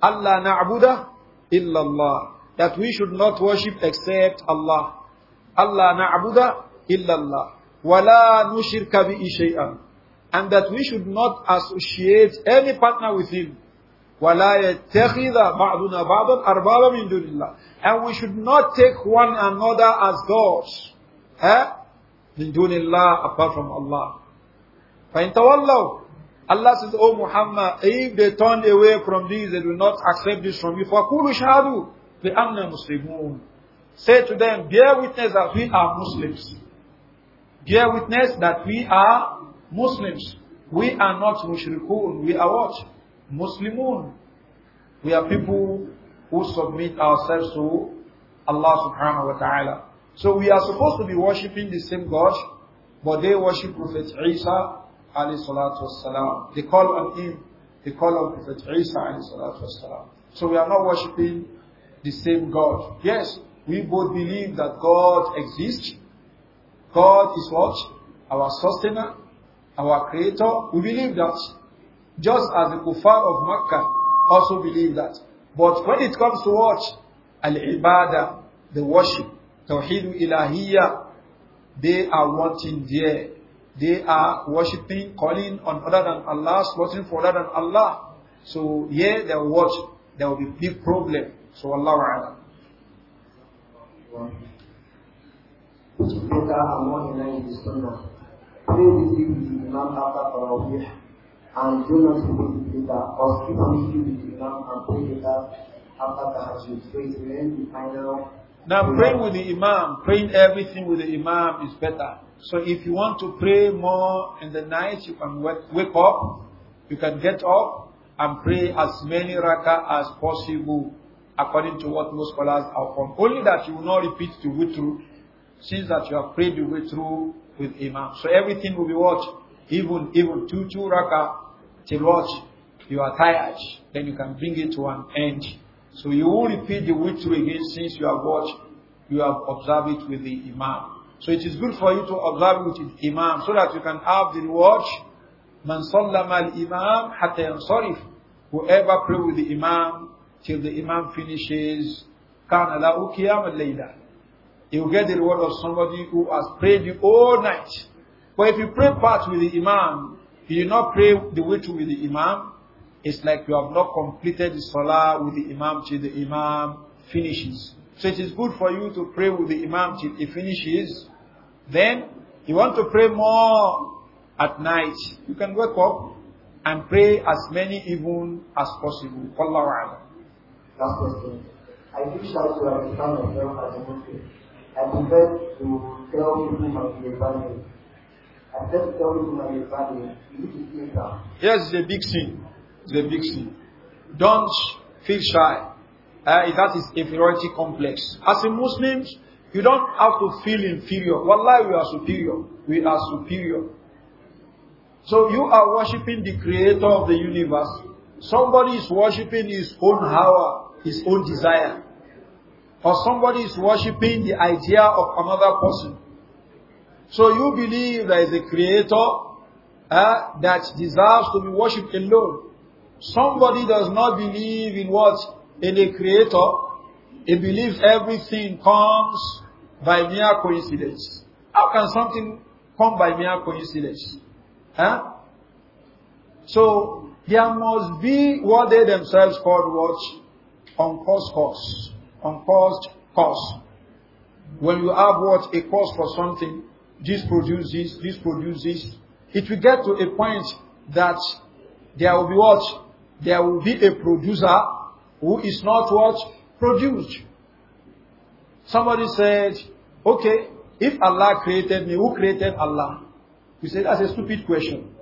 Allah na'buda Allah, That we should not worship except Allah. Allah na'buda illallah. Wala nushirka bi And that we should not associate any partner with Him. And we should not take one another as gods. Eh? Apart from Allah. Allah says, O Muhammad, if they turn away from this, they will not accept this from you. فَقُولُوا Say to them, bear witness that we are Muslims. Bear witness that we are Muslims. We are not mushrikun. We are what? Muslimun. We are people who submit ourselves to Allah subhanahu wa ta'ala. So we are supposed to be worshipping the same God, but they worship Prophet Isa alayhi salatu wasalam. They call on him, they call on Prophet Isa alayhi salatu wasalam. So we are not worshipping the same God. Yes, we both believe that God exists. God is what? Our sustainer, our creator. We believe that. Just as the kuffar of Makkah also believe that. But when it comes to what? Al-ibadah, the worship, tawheed ilahiyya, they are wanting there. They are worshipping, calling on other than Allah, slaughtering for other than Allah. So here yeah, they will watch. There will be big problem. So Allah wa Alam and do not or Imam and pray after the Hajj. So it will end the final. Now praying with the Imam, praying everything with the Imam is better. So if you want to pray more in the night, you can wake up, you can get up and pray as many raka as possible according to what most scholars are from. Only that you will not repeat the way through, since that you have prayed the way through with Imam. So everything will be watched, Even, even two, two raka till what? You are tired. Then you can bring it to an end. So you will repeat the witr again since you have watched, you have observed it with the Imam. So it is good for you to observe it with Imam so that you can have the reward. Man sallama al-imam hatta yansarif. Whoever pray with the Imam till the Imam finishes, kana lahu qiyam al-layla. He will get the reward of somebody who has prayed you all night. But if you pray part with the Imam, you did not pray the to with the imam, it's like you have not completed the salah with the imam till the imam finishes. So it is good for you to pray with the imam till he finishes. Then you want to pray more at night. You can wake up and pray as many even as possible. Wallahu Last question. I to as a Muslim. I prefer to tell people my Yes, it's a big sin. It's a big sin. Don't feel shy. Uh, that is inferiority complex. As a Muslim, you don't have to feel inferior. Wallahi, we are superior. We are superior. So you are worshipping the creator of the universe. Somebody is worshipping his own power, his own desire. Or somebody is worshipping the idea of another person. So you believe there is a creator uh, that deserves to be worshipped alone. Somebody does not believe in what? In a creator. He believes everything comes by mere coincidence. How can something come by mere coincidence? Huh? Eh? So there must be what they themselves call what? Uncaused cause. Uncaused cause. When you have what? A cause for something, this produces, this produces. It will get to a point that there will be what? There will be a producer who is not what? Produced. Somebody said, okay, if Allah created me, who created Allah? You say that's a stupid question.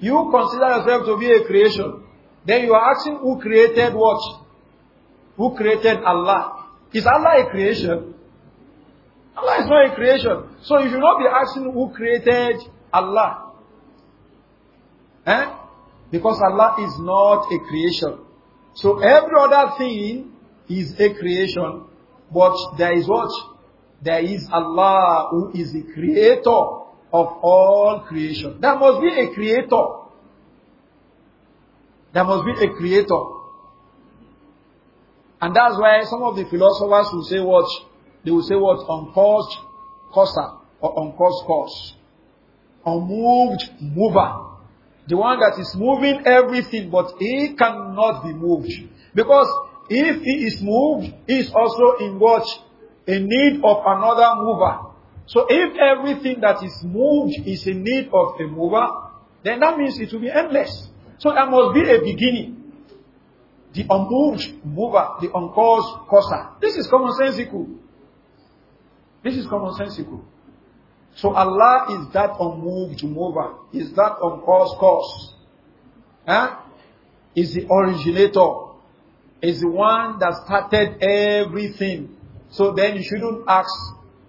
You consider yourself to be a creation. Then you are asking who created what? Who created Allah? Is Allah a creation? Allah is not a creation. So you should not be asking who created Allah. Eh? Because Allah is not a creation. So every other thing is a creation. But there is what? There is Allah who is the creator of all creation. There must be a creator. There must be a creator. And that's why some of the philosophers will say, watch, they will say what? Uncaused causer or uncaused cause. Unmoved mover. The one that is moving everything, but he cannot be moved. Because if he is moved, he is also in what? In need of another mover. So if everything that is moved is in need of a mover, then that means it will be endless. So there must be a beginning. The unmoved mover, the uncaused causer. This is commonsensical. This is commonsensical. So Allah is that unmoved mover, is that uncaused cause. Huh? Is the originator, is the one that started everything. So then you shouldn't ask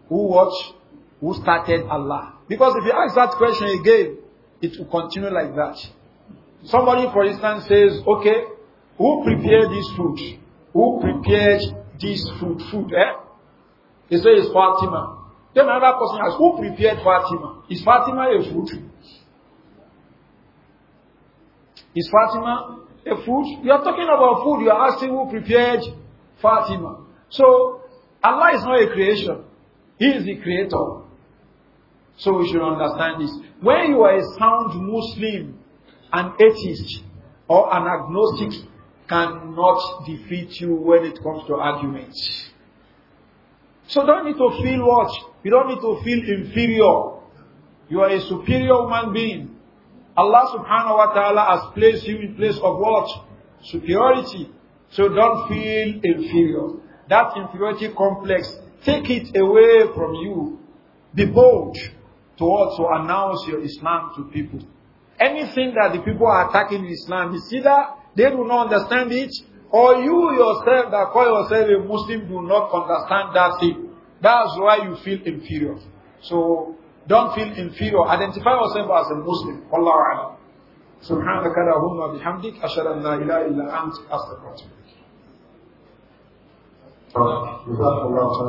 who watched, who started Allah. Because if you ask that question again, it will continue like that. Somebody, for instance, says, okay, who prepared this food? Who prepared this food? Food, eh? They say it's Fatima. Then another person asks, who prepared Fatima? Is Fatima a food? Is Fatima a food? You are talking about food. You are asking who prepared Fatima. So, Allah is not a creation. He is the creator. So we should understand this. When you are a sound Muslim, an atheist, or an agnostic cannot defeat you when it comes to arguments. So don't need to feel what? You don't need to feel inferior. You are a superior human being. Allah subhanahu wa ta'ala has placed you in place of what? Superiority. So don't feel inferior. That inferiority complex, take it away from you. Be bold to also announce your Islam to people. Anything that the people are attacking Islam is either they do not understand it Or you yourself that call yourself a Muslim do not understand that thing. That's why you feel inferior. So don't feel inferior. Identify yourself as a Muslim. Wallahu a'lam. سبحانك اللهم وبحمدك أشهد أن لا إله إلا أنت أستغفرك